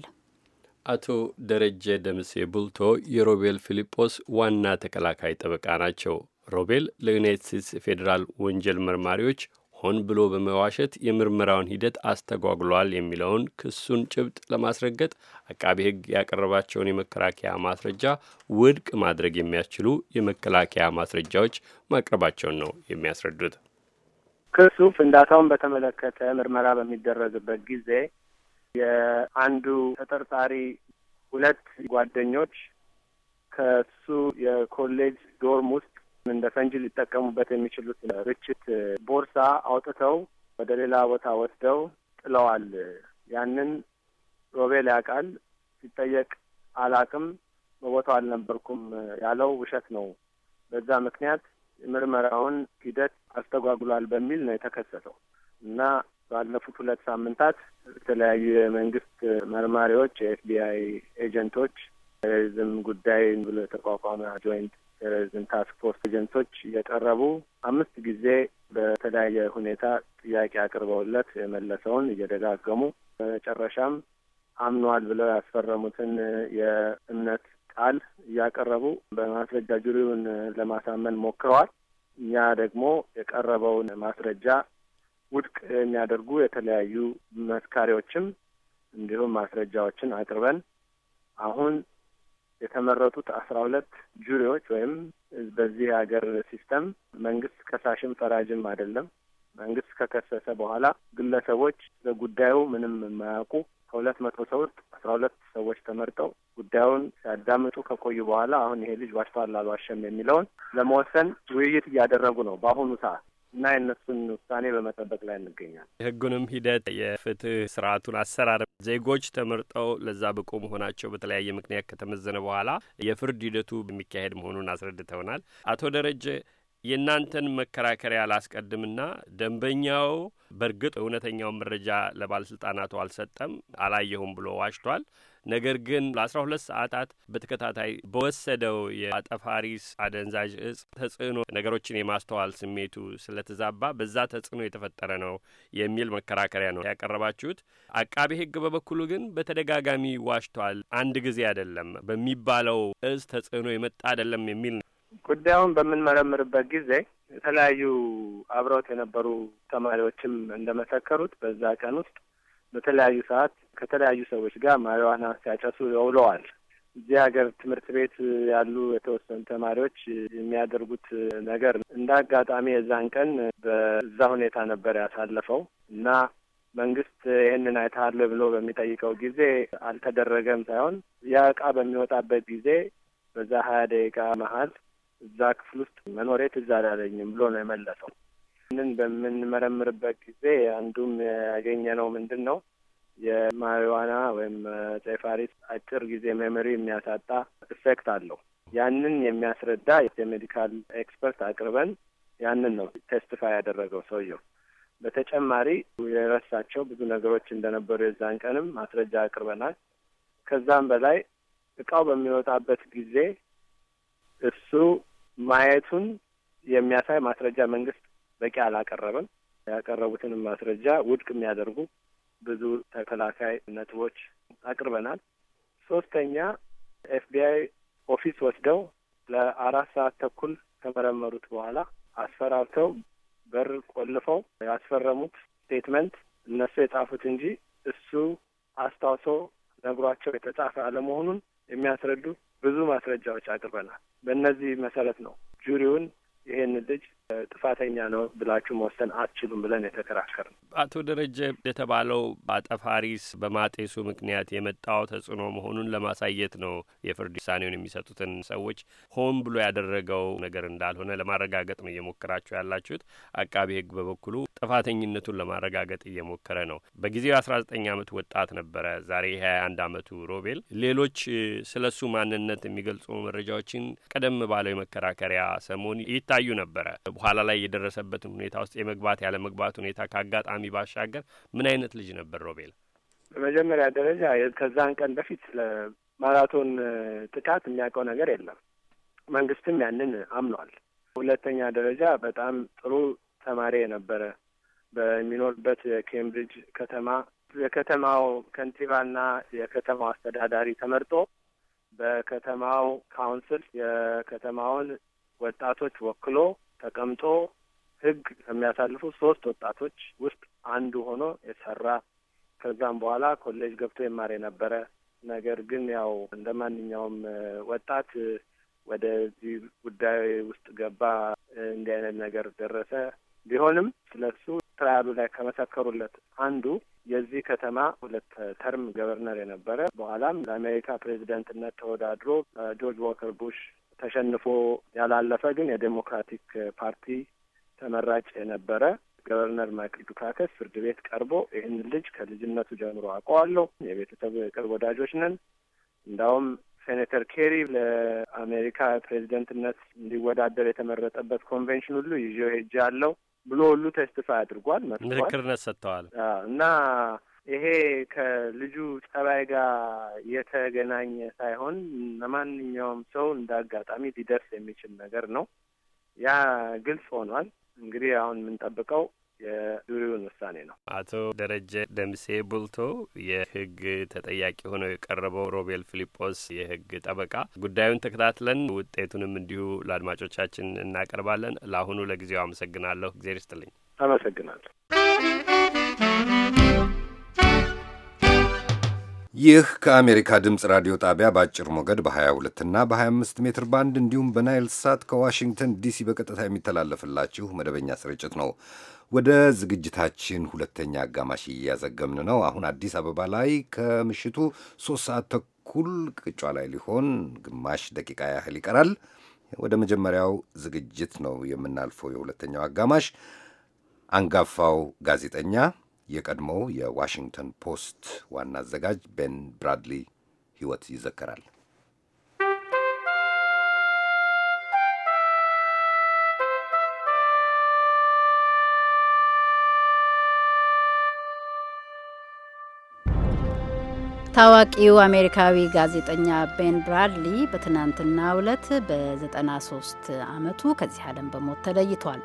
[SPEAKER 7] አቶ ደረጀ ደምሴ ቡልቶ የሮቤል ፊሊጶስ ዋና ተከላካይ ጠበቃ ናቸው። ሮቤል ለዩናይትድ ስቴትስ ፌዴራል ወንጀል መርማሪዎች ሆን ብሎ በመዋሸት የምርመራውን ሂደት አስተጓጉሏል የሚለውን ክሱን ጭብጥ ለማስረገጥ አቃቢ ሕግ ያቀረባቸውን የመከላከያ ማስረጃ ውድቅ ማድረግ የሚያስችሉ የመከላከያ ማስረጃዎች ማቅረባቸውን ነው የሚያስረዱት።
[SPEAKER 8] ክሱ ፍንዳታውን በተመለከተ ምርመራ በሚደረግበት ጊዜ የአንዱ ተጠርጣሪ ሁለት ጓደኞች ከሱ የኮሌጅ ዶርም ውስጥ እንደ ፈንጂ ሊጠቀሙበት የሚችሉት ርችት ቦርሳ አውጥተው ወደ ሌላ ቦታ ወስደው ጥለዋል። ያንን ሮቤል ያውቃል። ሲጠየቅ አላቅም፣ በቦታው አልነበርኩም ያለው ውሸት ነው። በዛ ምክንያት ምርመራውን ሂደት አስተጓጉሏል በሚል ነው የተከሰተው እና ባለፉት ሁለት ሳምንታት የተለያዩ የመንግስት መርማሪዎች፣ የኤፍቢአይ ኤጀንቶች የህዝብ ጉዳይ ብሎ የተቋቋመ ጆይንት ቴሮሪዝም ታስክ ፎርስ ኤጀንቶች የቀረቡ አምስት ጊዜ በተለያየ ሁኔታ ጥያቄ አቅርበውለት የመለሰውን እየደጋገሙ በመጨረሻም አምኗል ብለው ያስፈረሙትን የእምነት ቃል እያቀረቡ በማስረጃ ጁሪውን ለማሳመን ሞክረዋል። እኛ ደግሞ የቀረበውን ማስረጃ ውድቅ የሚያደርጉ የተለያዩ መስካሪዎችም እንዲሁም ማስረጃዎችን አቅርበን አሁን የተመረጡት አስራ ሁለት ጁሪዎች ወይም በዚህ ሀገር ሲስተም መንግስት ከሳሽም ፈራጅም አይደለም። መንግስት ከከሰሰ በኋላ ግለሰቦች ለጉዳዩ ምንም የማያውቁ ከሁለት መቶ ሰው ውስጥ አስራ ሁለት ሰዎች ተመርጠው ጉዳዩን ሲያዳምጡ ከቆዩ በኋላ አሁን ይሄ ልጅ ዋሽቷል አልዋሸም የሚለውን ለመወሰን ውይይት እያደረጉ ነው በአሁኑ ሰዓት። እና የእነሱን ውሳኔ በመጠበቅ ላይ እንገኛለን።
[SPEAKER 7] የህጉንም ሂደት የፍትህ ስርዓቱን አሰራር ዜጎች ተመርጠው ለዛ ብቁ መሆናቸው በተለያየ ምክንያት ከተመዘነ በኋላ የፍርድ ሂደቱ የሚካሄድ መሆኑን አስረድተውናል። አቶ ደረጀ የእናንተን መከራከሪያ አላስቀድምና ደንበኛው በእርግጥ እውነተኛውን መረጃ ለባለስልጣናቱ አልሰጠም፣ አላየሁም ብሎ ዋሽቷል ነገር ግን ለአስራ ሁለት ሰዓታት በተከታታይ በወሰደው የአጠፋሪስ አደንዛዥ እጽ ተጽዕኖ ነገሮችን የማስተዋል ስሜቱ ስለተዛባ በዛ ተጽዕኖ የተፈጠረ ነው የሚል መከራከሪያ ነው ያቀረባችሁት። አቃቤ ሕግ በበኩሉ ግን በተደጋጋሚ ዋሽቷል፣ አንድ ጊዜ አይደለም በሚባለው እጽ ተጽዕኖ የመጣ አይደለም የሚል ነው። ጉዳዩን
[SPEAKER 8] በምንመረምርበት ጊዜ የተለያዩ አብረውት የነበሩ ተማሪዎችም እንደመሰከሩት በዛ ቀን ውስጥ በተለያዩ ሰዓት ከተለያዩ ሰዎች ጋር ማሪዋና ሲያጨሱ ውለዋል። እዚህ ሀገር ትምህርት ቤት ያሉ የተወሰኑ ተማሪዎች የሚያደርጉት ነገር እንደ አጋጣሚ የዛን ቀን በዛ ሁኔታ ነበር ያሳለፈው እና መንግስት ይህንን አይተሃል ብሎ በሚጠይቀው ጊዜ አልተደረገም ሳይሆን ያ እቃ በሚወጣበት ጊዜ በዛ ሀያ ደቂቃ መሀል እዛ ክፍል ውስጥ መኖሬ ትዝ አላለኝም ብሎ ነው የመለሰው። ንን በምንመረምርበት ጊዜ አንዱም ያገኘነው ምንድን ነው የማሪዋና ወይም ጤፋሪስ አጭር ጊዜ ሜሞሪ የሚያሳጣ ኢፌክት አለው። ያንን የሚያስረዳ የሜዲካል ኤክስፐርት አቅርበን ያንን ነው ቴስቲፋይ ያደረገው ሰውየው። በተጨማሪ የረሳቸው ብዙ ነገሮች እንደነበሩ የዛን ቀንም ማስረጃ አቅርበናል። ከዛም በላይ እቃው በሚወጣበት ጊዜ እሱ ማየቱን የሚያሳይ ማስረጃ መንግስት በቂ አላቀረበም። ያቀረቡትንም ማስረጃ ውድቅ የሚያደርጉ ብዙ ተከላካይ ነጥቦች አቅርበናል። ሶስተኛ ኤፍቢአይ ኦፊስ ወስደው ለአራት ሰዓት ተኩል ከመረመሩት በኋላ አስፈራርተው በር ቆልፈው ያስፈረሙት ስቴትመንት እነሱ የጻፉት እንጂ እሱ አስታውሶ ነግሯቸው የተጻፈ አለመሆኑን የሚያስረዱ ብዙ ማስረጃዎች አቅርበናል። በእነዚህ መሰረት ነው ጁሪውን ይሄን ልጅ ጥፋተኛ ነው ብላችሁ መወሰን አትችሉም ብለን የተከራከር ነው።
[SPEAKER 7] አቶ ደረጀ የተባለው አጠፋሪስ በማጤሱ ምክንያት የመጣው ተጽዕኖ መሆኑን ለማሳየት ነው የፍርድ ውሳኔውን የሚሰጡትን ሰዎች ሆን ብሎ ያደረገው ነገር እንዳልሆነ ለማረጋገጥ ነው እየሞከራችሁ ያላችሁት። አቃቢ ሕግ በበኩሉ ጥፋተኝነቱን ለማረጋገጥ እየሞከረ ነው። በጊዜው አስራ ዘጠኝ አመት ወጣት ነበረ። ዛሬ ሀያ አንድ አመቱ ሮቤል ሌሎች ስለ እሱ ማንነት የሚገልጹ መረጃዎችን ቀደም ባለው የመከራከሪያ ሰሞን ይታዩ ነበረ። በኋላ ላይ የደረሰበትን ሁኔታ ውስጥ የመግባት ያለ መግባት ሁኔታ ከአጋጣሚ ባሻገር ምን አይነት ልጅ ነበር ሮቤል?
[SPEAKER 8] በመጀመሪያ ደረጃ ከዛን ቀን በፊት ስለ ማራቶን ጥቃት የሚያውቀው ነገር የለም። መንግስትም ያንን አምኗል። ሁለተኛ ደረጃ በጣም ጥሩ ተማሪ የነበረ በሚኖርበት የኬምብሪጅ ከተማ የከተማው ከንቲባና የከተማው አስተዳዳሪ ተመርጦ በከተማው ካውንስል የከተማውን ወጣቶች ወክሎ ተቀምጦ ህግ ከሚያሳልፉ ሶስት ወጣቶች ውስጥ አንዱ ሆኖ የሰራ ከዛም በኋላ ኮሌጅ ገብቶ ይማር የነበረ ነገር ግን ያው እንደ ማንኛውም ወጣት ወደዚህ ጉዳይ ውስጥ ገባ፣ እንዲህ አይነት ነገር ደረሰ። ቢሆንም ስለሱ ትራያሉ ላይ ከመሰከሩለት አንዱ የዚህ ከተማ ሁለት ተርም ገቨርነር የነበረ በኋላም ለአሜሪካ ፕሬዚደንትነት ተወዳድሮ ጆርጅ ዋከር ቡሽ ተሸንፎ ያላለፈ ግን የዴሞክራቲክ ፓርቲ ተመራጭ የነበረ ገቨርነር ማይክል ዱካከስ ፍርድ ቤት ቀርቦ ይህን ልጅ ከልጅነቱ ጀምሮ አውቀዋለሁ፣ የቤተሰብ የቅርብ ወዳጆች ነን፣ እንዳውም ሴኔተር ኬሪ ለአሜሪካ ፕሬዚደንትነት እንዲወዳደር የተመረጠበት ኮንቬንሽን ሁሉ ይዤው ሄጄ አለው ብሎ ሁሉ ቴስቲፋይ አድርጓል። መስክርነት ሰጥተዋል እና ይሄ ከልጁ ጸባይ ጋር የተገናኘ ሳይሆን ለማንኛውም ሰው እንደ አጋጣሚ ሊደርስ የሚችል ነገር ነው። ያ ግልጽ ሆኗል። እንግዲህ አሁን የምንጠብቀው የዱሪውን ውሳኔ ነው።
[SPEAKER 7] አቶ ደረጀ ደምሴ ቡልቶ የህግ ተጠያቂ ሆነው የቀረበው ሮቤል ፊሊጶስ የህግ ጠበቃ፣ ጉዳዩን ተከታትለን ውጤቱንም እንዲሁ ለአድማጮቻችን እናቀርባለን። ለአሁኑ ለጊዜው አመሰግናለሁ። እግዜር ይስጥልኝ። አመሰግናለሁ።
[SPEAKER 2] ይህ ከአሜሪካ ድምፅ ራዲዮ ጣቢያ በአጭር ሞገድ በ22 እና በ25 ሜትር ባንድ እንዲሁም በናይል ሳት ከዋሽንግተን ዲሲ በቀጥታ የሚተላለፍላችሁ መደበኛ ስርጭት ነው። ወደ ዝግጅታችን ሁለተኛ አጋማሽ እያዘገምን ነው። አሁን አዲስ አበባ ላይ ከምሽቱ ሶስት ሰዓት ተኩል ቅጫ ላይ ሊሆን ግማሽ ደቂቃ ያህል ይቀራል። ወደ መጀመሪያው ዝግጅት ነው የምናልፈው። የሁለተኛው አጋማሽ አንጋፋው ጋዜጠኛ የቀድሞው የዋሽንግተን ፖስት ዋና አዘጋጅ ቤን ብራድሊ ሕይወት ይዘከራል።
[SPEAKER 1] ታዋቂው አሜሪካዊ ጋዜጠኛ ቤን ብራድሊ በትናንትናው ዕለት በ93 ዓመቱ ከዚህ ዓለም በሞት ተለይቷል።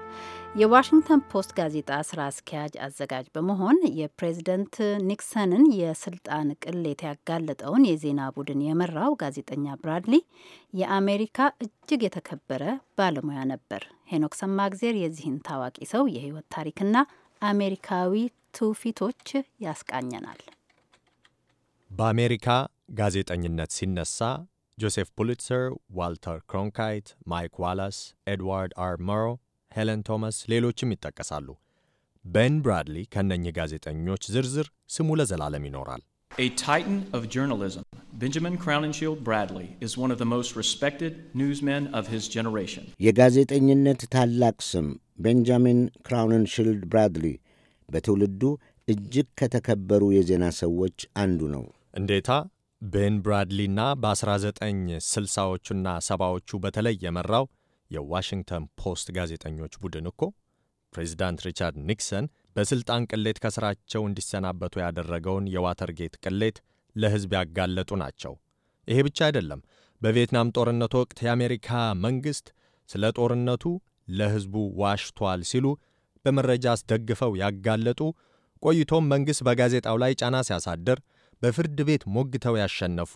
[SPEAKER 1] የዋሽንግተን ፖስት ጋዜጣ ስራ አስኪያጅ አዘጋጅ በመሆን የፕሬዝደንት ኒክሰንን የስልጣን ቅሌት ያጋለጠውን የዜና ቡድን የመራው ጋዜጠኛ ብራድሊ የአሜሪካ እጅግ የተከበረ ባለሙያ ነበር። ሄኖክ ሰማእግዜር የዚህን ታዋቂ ሰው የህይወት ታሪክና አሜሪካዊ ትውፊቶች ያስቃኘናል።
[SPEAKER 9] በአሜሪካ ጋዜጠኝነት ሲነሳ ጆሴፍ ፑሊትሰር፣ ዋልተር ክሮንካይት፣ ማይክ ዋላስ፣ ኤድዋርድ አር መሮ ሄለን ቶማስ፣ ሌሎችም ይጠቀሳሉ። ቤን ብራድሊ ከእነኚህ ጋዜጠኞች ዝርዝር ስሙ ለዘላለም ይኖራል። A titan of journalism, Benjamin Crowninshield Bradley is one of the most respected newsmen of his generation.
[SPEAKER 6] የጋዜጠኝነት ታላቅ ስም ቤንጃሚን ክራውንንሺልድ ብራድሊ በትውልዱ እጅግ ከተከበሩ የዜና ሰዎች አንዱ ነው።
[SPEAKER 9] እንዴታ ቤን ብራድሊና በ1960ዎቹና ሰባዎቹ በተለይ የመራው የዋሽንግተን ፖስት ጋዜጠኞች ቡድን እኮ ፕሬዚዳንት ሪቻርድ ኒክሰን በሥልጣን ቅሌት ከሥራቸው እንዲሰናበቱ ያደረገውን የዋተርጌት ቅሌት ለሕዝብ ያጋለጡ ናቸው። ይሄ ብቻ አይደለም። በቪየትናም ጦርነት ወቅት የአሜሪካ መንግሥት ስለ ጦርነቱ ለሕዝቡ ዋሽቷል ሲሉ በመረጃ አስደግፈው ያጋለጡ፣ ቆይቶም መንግሥት በጋዜጣው ላይ ጫና ሲያሳድር በፍርድ ቤት ሞግተው ያሸነፉ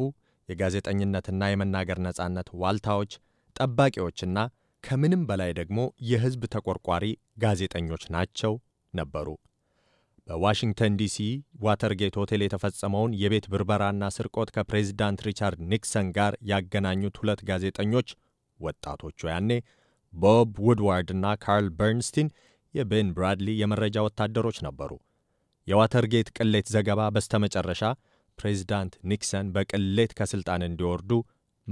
[SPEAKER 9] የጋዜጠኝነትና የመናገር ነጻነት ዋልታዎች ጠባቂዎችና ከምንም በላይ ደግሞ የሕዝብ ተቆርቋሪ ጋዜጠኞች ናቸው ነበሩ። በዋሽንግተን ዲሲ ዋተርጌት ሆቴል የተፈጸመውን የቤት ብርበራና ስርቆት ከፕሬዚዳንት ሪቻርድ ኒክሰን ጋር ያገናኙት ሁለት ጋዜጠኞች ወጣቶቹ ያኔ ቦብ ውድዋርድና ካርል በርንስቲን የቤን ብራድሊ የመረጃ ወታደሮች ነበሩ። የዋተርጌት ቅሌት ዘገባ በስተመጨረሻ ፕሬዚዳንት ኒክሰን በቅሌት ከሥልጣን እንዲወርዱ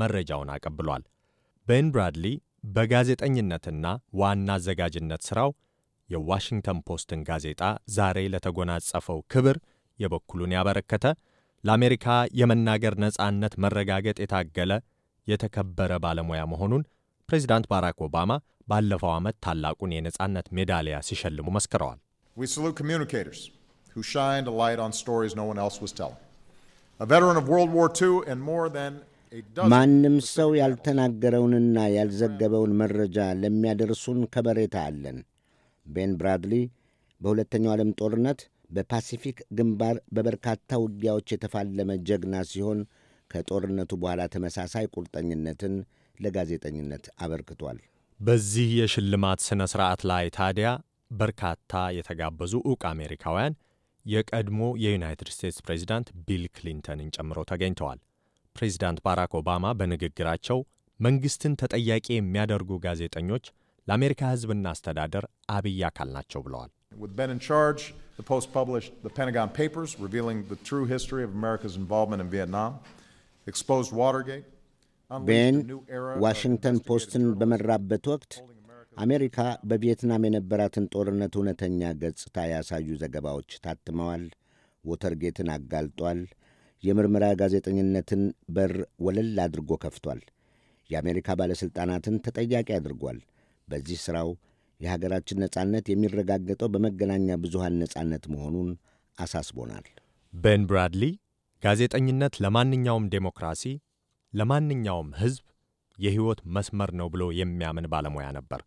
[SPEAKER 9] መረጃውን አቀብሏል። ቤን ብራድሊ በጋዜጠኝነትና ዋና አዘጋጅነት ሥራው የዋሽንግተን ፖስትን ጋዜጣ ዛሬ ለተጎናጸፈው ክብር የበኩሉን ያበረከተ፣ ለአሜሪካ የመናገር ነጻነት መረጋገጥ የታገለ የተከበረ ባለሙያ መሆኑን ፕሬዚዳንት ባራክ ኦባማ ባለፈው ዓመት ታላቁን የነጻነት ሜዳሊያ ሲሸልሙ መስክረዋል።
[SPEAKER 6] ማንም ሰው ያልተናገረውንና ያልዘገበውን መረጃ ለሚያደርሱን ከበሬታ አለን። ቤን ብራድሊ በሁለተኛው ዓለም ጦርነት በፓሲፊክ ግንባር በበርካታ ውጊያዎች የተፋለመ ጀግና ሲሆን ከጦርነቱ በኋላ ተመሳሳይ ቁርጠኝነትን ለጋዜጠኝነት አበርክቷል።
[SPEAKER 9] በዚህ የሽልማት ሥነ ሥርዓት ላይ ታዲያ በርካታ የተጋበዙ ዕውቅ አሜሪካውያን የቀድሞ የዩናይትድ ስቴትስ ፕሬዚዳንት ቢል ክሊንተንን ጨምሮ ተገኝተዋል። ፕሬዚዳንት ባራክ ኦባማ በንግግራቸው መንግሥትን ተጠያቂ የሚያደርጉ ጋዜጠኞች ለአሜሪካ ሕዝብና አስተዳደር አብይ አካል ናቸው ብለዋል።
[SPEAKER 5] ቤን
[SPEAKER 6] ዋሽንግተን ፖስትን በመራበት ወቅት አሜሪካ በቪየትናም የነበራትን ጦርነት እውነተኛ ገጽታ ያሳዩ ዘገባዎች ታትመዋል። ዎተርጌትን አጋልጧል። የምርመራ ጋዜጠኝነትን በር ወለል አድርጎ ከፍቷል። የአሜሪካ ባለሥልጣናትን ተጠያቂ አድርጓል። በዚህ ሥራው የሀገራችን ነጻነት የሚረጋገጠው በመገናኛ ብዙሃን ነጻነት መሆኑን
[SPEAKER 9] አሳስቦናል። ቤን ብራድሊ ጋዜጠኝነት ለማንኛውም ዴሞክራሲ፣ ለማንኛውም ሕዝብ የሕይወት መስመር ነው ብሎ የሚያምን ባለሙያ ነበር።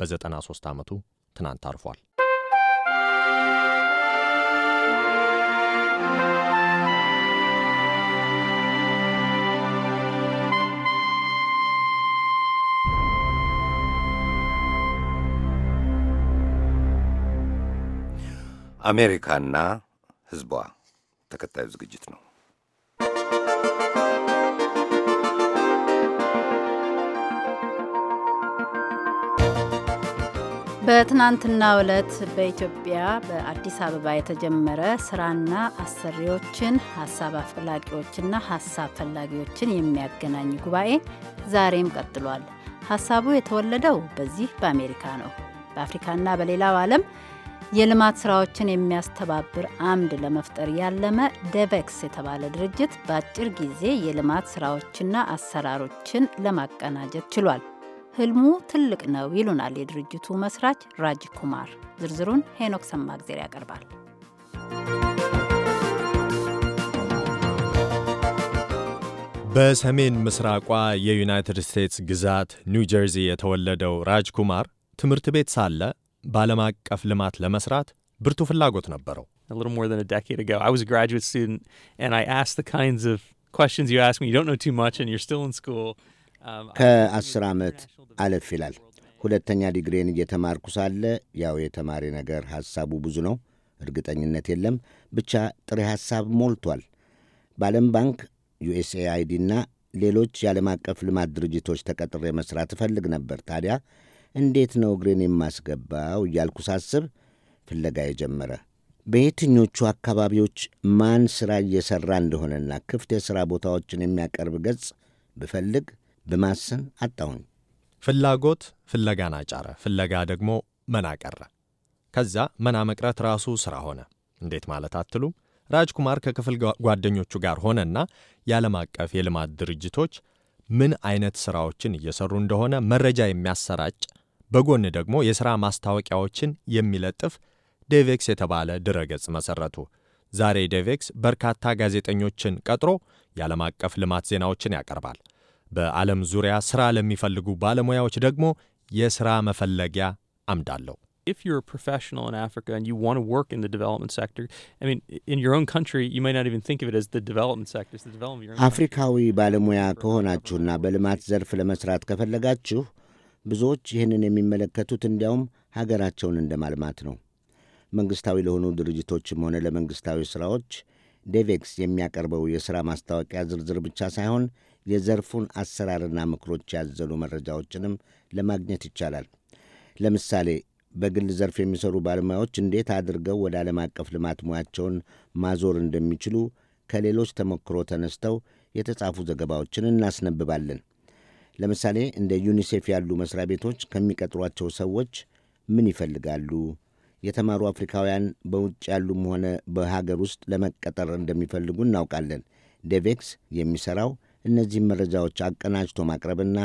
[SPEAKER 9] በዘጠና በ93 ዓመቱ ትናንት አርፏል።
[SPEAKER 2] አሜሪካና ሕዝቧ ተከታዩ ዝግጅት ነው።
[SPEAKER 1] በትናንትና ዕለት በኢትዮጵያ በአዲስ አበባ የተጀመረ ስራና አሰሪዎችን ሀሳብ አፈላጊዎችና ሀሳብ ፈላጊዎችን የሚያገናኝ ጉባኤ ዛሬም ቀጥሏል። ሀሳቡ የተወለደው በዚህ በአሜሪካ ነው። በአፍሪካና በሌላው ዓለም የልማት ስራዎችን የሚያስተባብር አምድ ለመፍጠር ያለመ ደቨክስ የተባለ ድርጅት በአጭር ጊዜ የልማት ስራዎችና አሰራሮችን ለማቀናጀት ችሏል። ህልሙ ትልቅ ነው ይሉናል የድርጅቱ መስራች ራጅ ኩማር። ዝርዝሩን ሄኖክ ሰማግዜር ያቀርባል።
[SPEAKER 9] በሰሜን ምስራቋ የዩናይትድ ስቴትስ ግዛት ኒው ጀርዚ የተወለደው ራጅ ኩማር ትምህርት ቤት ሳለ በዓለም አቀፍ ልማት ለመስራት ብርቱ ፍላጎት ነበረው።
[SPEAKER 10] a little more than a decade ago. I was a graduate student, and I asked the kinds of questions you ask when you don't know too much and you're still in school. Um,
[SPEAKER 6] ከአስር ዓመት አለፍ ይላል። ሁለተኛ ዲግሪን እየተማርኩ ሳለ ያው የተማሪ ነገር ሐሳቡ ብዙ ነው፣ እርግጠኝነት የለም፣ ብቻ ጥሬ ሐሳብ ሞልቷል። በዓለም ባንክ፣ ዩኤስኤአይዲ እና ሌሎች የዓለም አቀፍ ልማት ድርጅቶች ተቀጥሬ መሥራት እፈልግ ነበር ታዲያ እንዴት ነው እግሬን የማስገባው እያልኩ ሳስብ ፍለጋ የጀመረ በየትኞቹ አካባቢዎች ማን ሥራ እየሠራ እንደሆነና ክፍት የሥራ ቦታዎችን የሚያቀርብ
[SPEAKER 9] ገጽ ብፈልግ ብማስን አጣሁኝ። ፍላጎት ፍለጋን አጫረ፣ ፍለጋ ደግሞ መና ቀረ። ከዛ መና መቅረት ራሱ ሥራ ሆነ። እንዴት ማለት አትሉም? ራጅ ኩማር ከክፍል ጓደኞቹ ጋር ሆነና የዓለም አቀፍ የልማት ድርጅቶች ምን አይነት ሥራዎችን እየሠሩ እንደሆነ መረጃ የሚያሰራጭ በጎን ደግሞ የሥራ ማስታወቂያዎችን የሚለጥፍ ዴቬክስ የተባለ ድረገጽ መሠረቱ። ዛሬ ዴቬክስ በርካታ ጋዜጠኞችን ቀጥሮ የዓለም አቀፍ ልማት ዜናዎችን ያቀርባል። በዓለም ዙሪያ ሥራ ለሚፈልጉ ባለሙያዎች ደግሞ የሥራ መፈለጊያ አምዳለሁ።
[SPEAKER 10] if you're a professional in Africa and you want to work in the development sector, I mean, in your own country, you might not even think of it as the development sector. It's the development of your own
[SPEAKER 9] አፍሪካዊ
[SPEAKER 6] ባለሙያ ከሆናችሁና በልማት ዘርፍ ለመስራት ከፈለጋችሁ ብዙዎች ይህንን የሚመለከቱት እንዲያውም ሀገራቸውን እንደ ማልማት ነው። መንግሥታዊ ለሆኑ ድርጅቶችም ሆነ ለመንግሥታዊ ሥራዎች ዴቬክስ የሚያቀርበው የሥራ ማስታወቂያ ዝርዝር ብቻ ሳይሆን የዘርፉን አሰራርና ምክሮች ያዘሉ መረጃዎችንም ለማግኘት ይቻላል። ለምሳሌ በግል ዘርፍ የሚሰሩ ባለሙያዎች እንዴት አድርገው ወደ ዓለም አቀፍ ልማት ሙያቸውን ማዞር እንደሚችሉ ከሌሎች ተሞክሮ ተነስተው የተጻፉ ዘገባዎችን እናስነብባለን። ለምሳሌ እንደ ዩኒሴፍ ያሉ መስሪያ ቤቶች ከሚቀጥሯቸው ሰዎች ምን ይፈልጋሉ? የተማሩ አፍሪካውያን በውጭ ያሉም ሆነ በሀገር ውስጥ ለመቀጠር እንደሚፈልጉ እናውቃለን። ዴቬክስ የሚሠራው እነዚህም መረጃዎች አቀናጅቶ ማቅረብና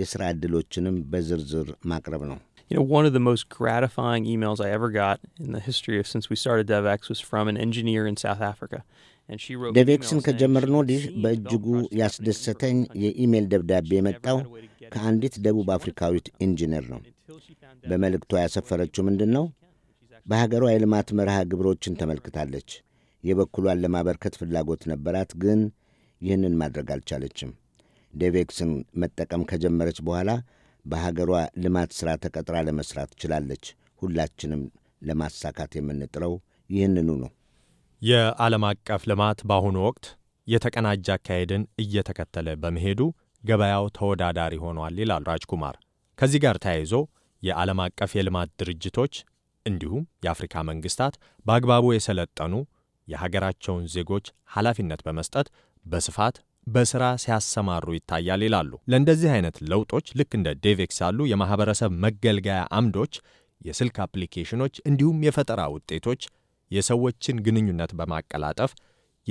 [SPEAKER 6] የሥራ ዕድሎችንም በዝርዝር ማቅረብ
[SPEAKER 10] ነው። You know, one of the most gratifying emails I ever got in the history of since we started DevX was from an engineer in South Africa. ደቤክስን
[SPEAKER 6] ከጀመርን ወዲህ በእጅጉ ያስደሰተኝ የኢሜል ደብዳቤ የመጣው ከአንዲት ደቡብ አፍሪካዊት ኢንጂነር ነው። በመልእክቷ ያሰፈረችው ምንድን ነው? በሀገሯ የልማት መርሃ ግብሮችን ተመልክታለች። የበኩሏን ለማበርከት ፍላጎት ነበራት፣ ግን ይህንን ማድረግ አልቻለችም። ደቤክስን መጠቀም ከጀመረች በኋላ በሀገሯ ልማት ሥራ ተቀጥራ ለመሥራት ችላለች። ሁላችንም ለማሳካት የምንጥረው ይህንኑ ነው።
[SPEAKER 9] የዓለም አቀፍ ልማት በአሁኑ ወቅት የተቀናጀ አካሄድን እየተከተለ በመሄዱ ገበያው ተወዳዳሪ ሆኗል ይላል ራጅኩማር። ከዚህ ጋር ተያይዞ የዓለም አቀፍ የልማት ድርጅቶች እንዲሁም የአፍሪካ መንግስታት በአግባቡ የሰለጠኑ የሀገራቸውን ዜጎች ኃላፊነት በመስጠት በስፋት በሥራ ሲያሰማሩ ይታያል ይላሉ። ለእንደዚህ አይነት ለውጦች ልክ እንደ ዴቬክስ ያሉ የማኅበረሰብ መገልገያ አምዶች፣ የስልክ አፕሊኬሽኖች እንዲሁም የፈጠራ ውጤቶች የሰዎችን ግንኙነት በማቀላጠፍ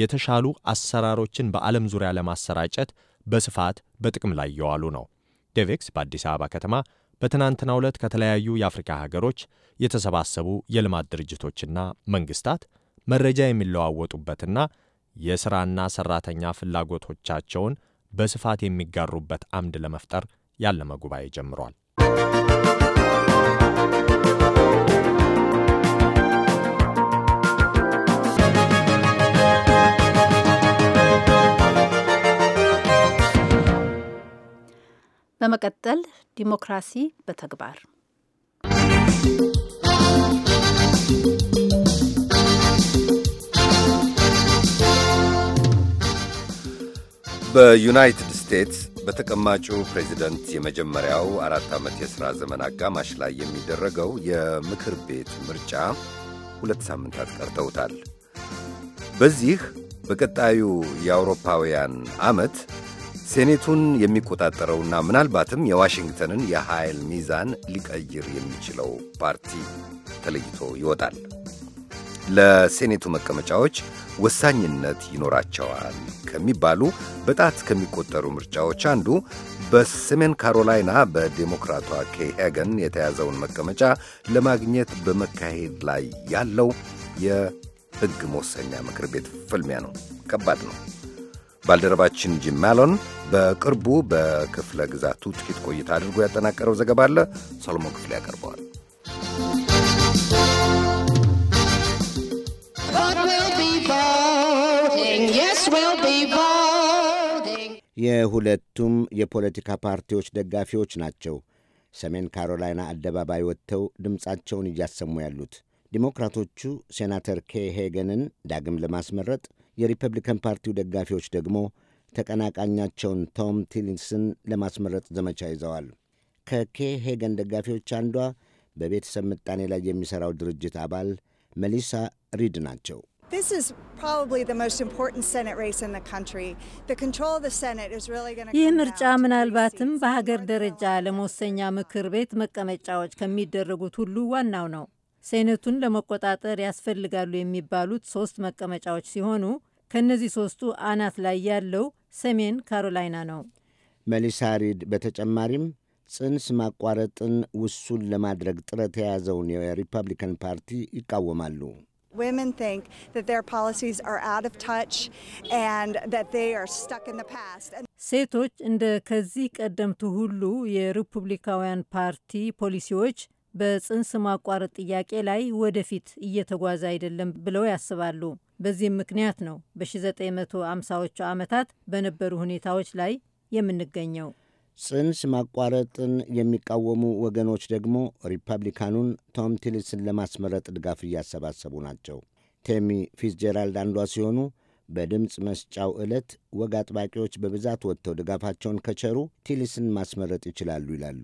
[SPEAKER 9] የተሻሉ አሰራሮችን በዓለም ዙሪያ ለማሰራጨት በስፋት በጥቅም ላይ እየዋሉ ነው። ዴቬክስ በአዲስ አበባ ከተማ በትናንትናው ዕለት ከተለያዩ የአፍሪካ ሀገሮች የተሰባሰቡ የልማት ድርጅቶችና መንግስታት መረጃ የሚለዋወጡበትና የሥራና ሠራተኛ ፍላጎቶቻቸውን በስፋት የሚጋሩበት አምድ ለመፍጠር ያለመ ጉባኤ ጀምሯል።
[SPEAKER 1] በመቀጠል ዲሞክራሲ በተግባር
[SPEAKER 2] በዩናይትድ ስቴትስ በተቀማጩ ፕሬዚደንት የመጀመሪያው አራት ዓመት የሥራ ዘመን አጋማሽ ላይ የሚደረገው የምክር ቤት ምርጫ ሁለት ሳምንታት ቀርተውታል። በዚህ በቀጣዩ የአውሮፓውያን ዓመት ሴኔቱን የሚቆጣጠረውና ምናልባትም የዋሽንግተንን የኃይል ሚዛን ሊቀይር የሚችለው ፓርቲ ተለይቶ ይወጣል። ለሴኔቱ መቀመጫዎች ወሳኝነት ይኖራቸዋል ከሚባሉ በጣት ከሚቆጠሩ ምርጫዎች አንዱ በሰሜን ካሮላይና በዴሞክራቷ ኬ ሄገን የተያዘውን መቀመጫ ለማግኘት በመካሄድ ላይ ያለው የሕግ መወሰኛ ምክር ቤት ፍልሚያ ነው። ከባድ ነው። ባልደረባችን ጂም ማሎን በቅርቡ በክፍለ ግዛቱ ጥቂት ቆይታ አድርጎ ያጠናቀረው ዘገባ አለ። ሰሎሞን
[SPEAKER 5] ክፍሌ ያቀርበዋል።
[SPEAKER 6] የሁለቱም የፖለቲካ ፓርቲዎች ደጋፊዎች ናቸው ሰሜን ካሮላይና አደባባይ ወጥተው ድምፃቸውን እያሰሙ ያሉት ዲሞክራቶቹ ሴናተር ኬ ሄገንን ዳግም ለማስመረጥ የሪፐብሊካን ፓርቲው ደጋፊዎች ደግሞ ተቀናቃኛቸውን ቶም ቲሊንስን ለማስመረጥ ዘመቻ ይዘዋል። ከኬ ሄገን ደጋፊዎች አንዷ በቤተሰብ ምጣኔ ላይ የሚሠራው ድርጅት አባል መሊሳ ሪድ ናቸው።
[SPEAKER 10] ይህ ምርጫ ምናልባትም በሀገር ደረጃ ለመወሰኛ ምክር ቤት መቀመጫዎች ከሚደረጉት ሁሉ ዋናው ነው። ሴኔቱን ለመቆጣጠር ያስፈልጋሉ የሚባሉት ሶስት መቀመጫዎች ሲሆኑ ከእነዚህ ሶስቱ አናት ላይ ያለው ሰሜን ካሮላይና ነው።
[SPEAKER 6] መሊሳ ሪድ በተጨማሪም ጽንስ ማቋረጥን ውሱን ለማድረግ ጥረት የያዘውን የሪፐብሊካን ፓርቲ ይቃወማሉ።
[SPEAKER 10] ሴቶች እንደ ከዚህ ቀደምቱ ሁሉ የሪፑብሊካውያን ፓርቲ ፖሊሲዎች በጽንስ ማቋረጥ ጥያቄ ላይ ወደፊት እየተጓዘ አይደለም ብለው ያስባሉ። በዚህም ምክንያት ነው በ1950ዎቹ ዓመታት በነበሩ ሁኔታዎች ላይ የምንገኘው።
[SPEAKER 6] ጽንስ ማቋረጥን የሚቃወሙ ወገኖች ደግሞ ሪፐብሊካኑን ቶም ቲሊስን ለማስመረጥ ድጋፍ እያሰባሰቡ ናቸው። ቴሚ ፊትዝጄራልድ አንዷ ሲሆኑ በድምፅ መስጫው ዕለት ወግ አጥባቂዎች በብዛት ወጥተው ድጋፋቸውን ከቸሩ ቲሊስን ማስመረጥ ይችላሉ ይላሉ።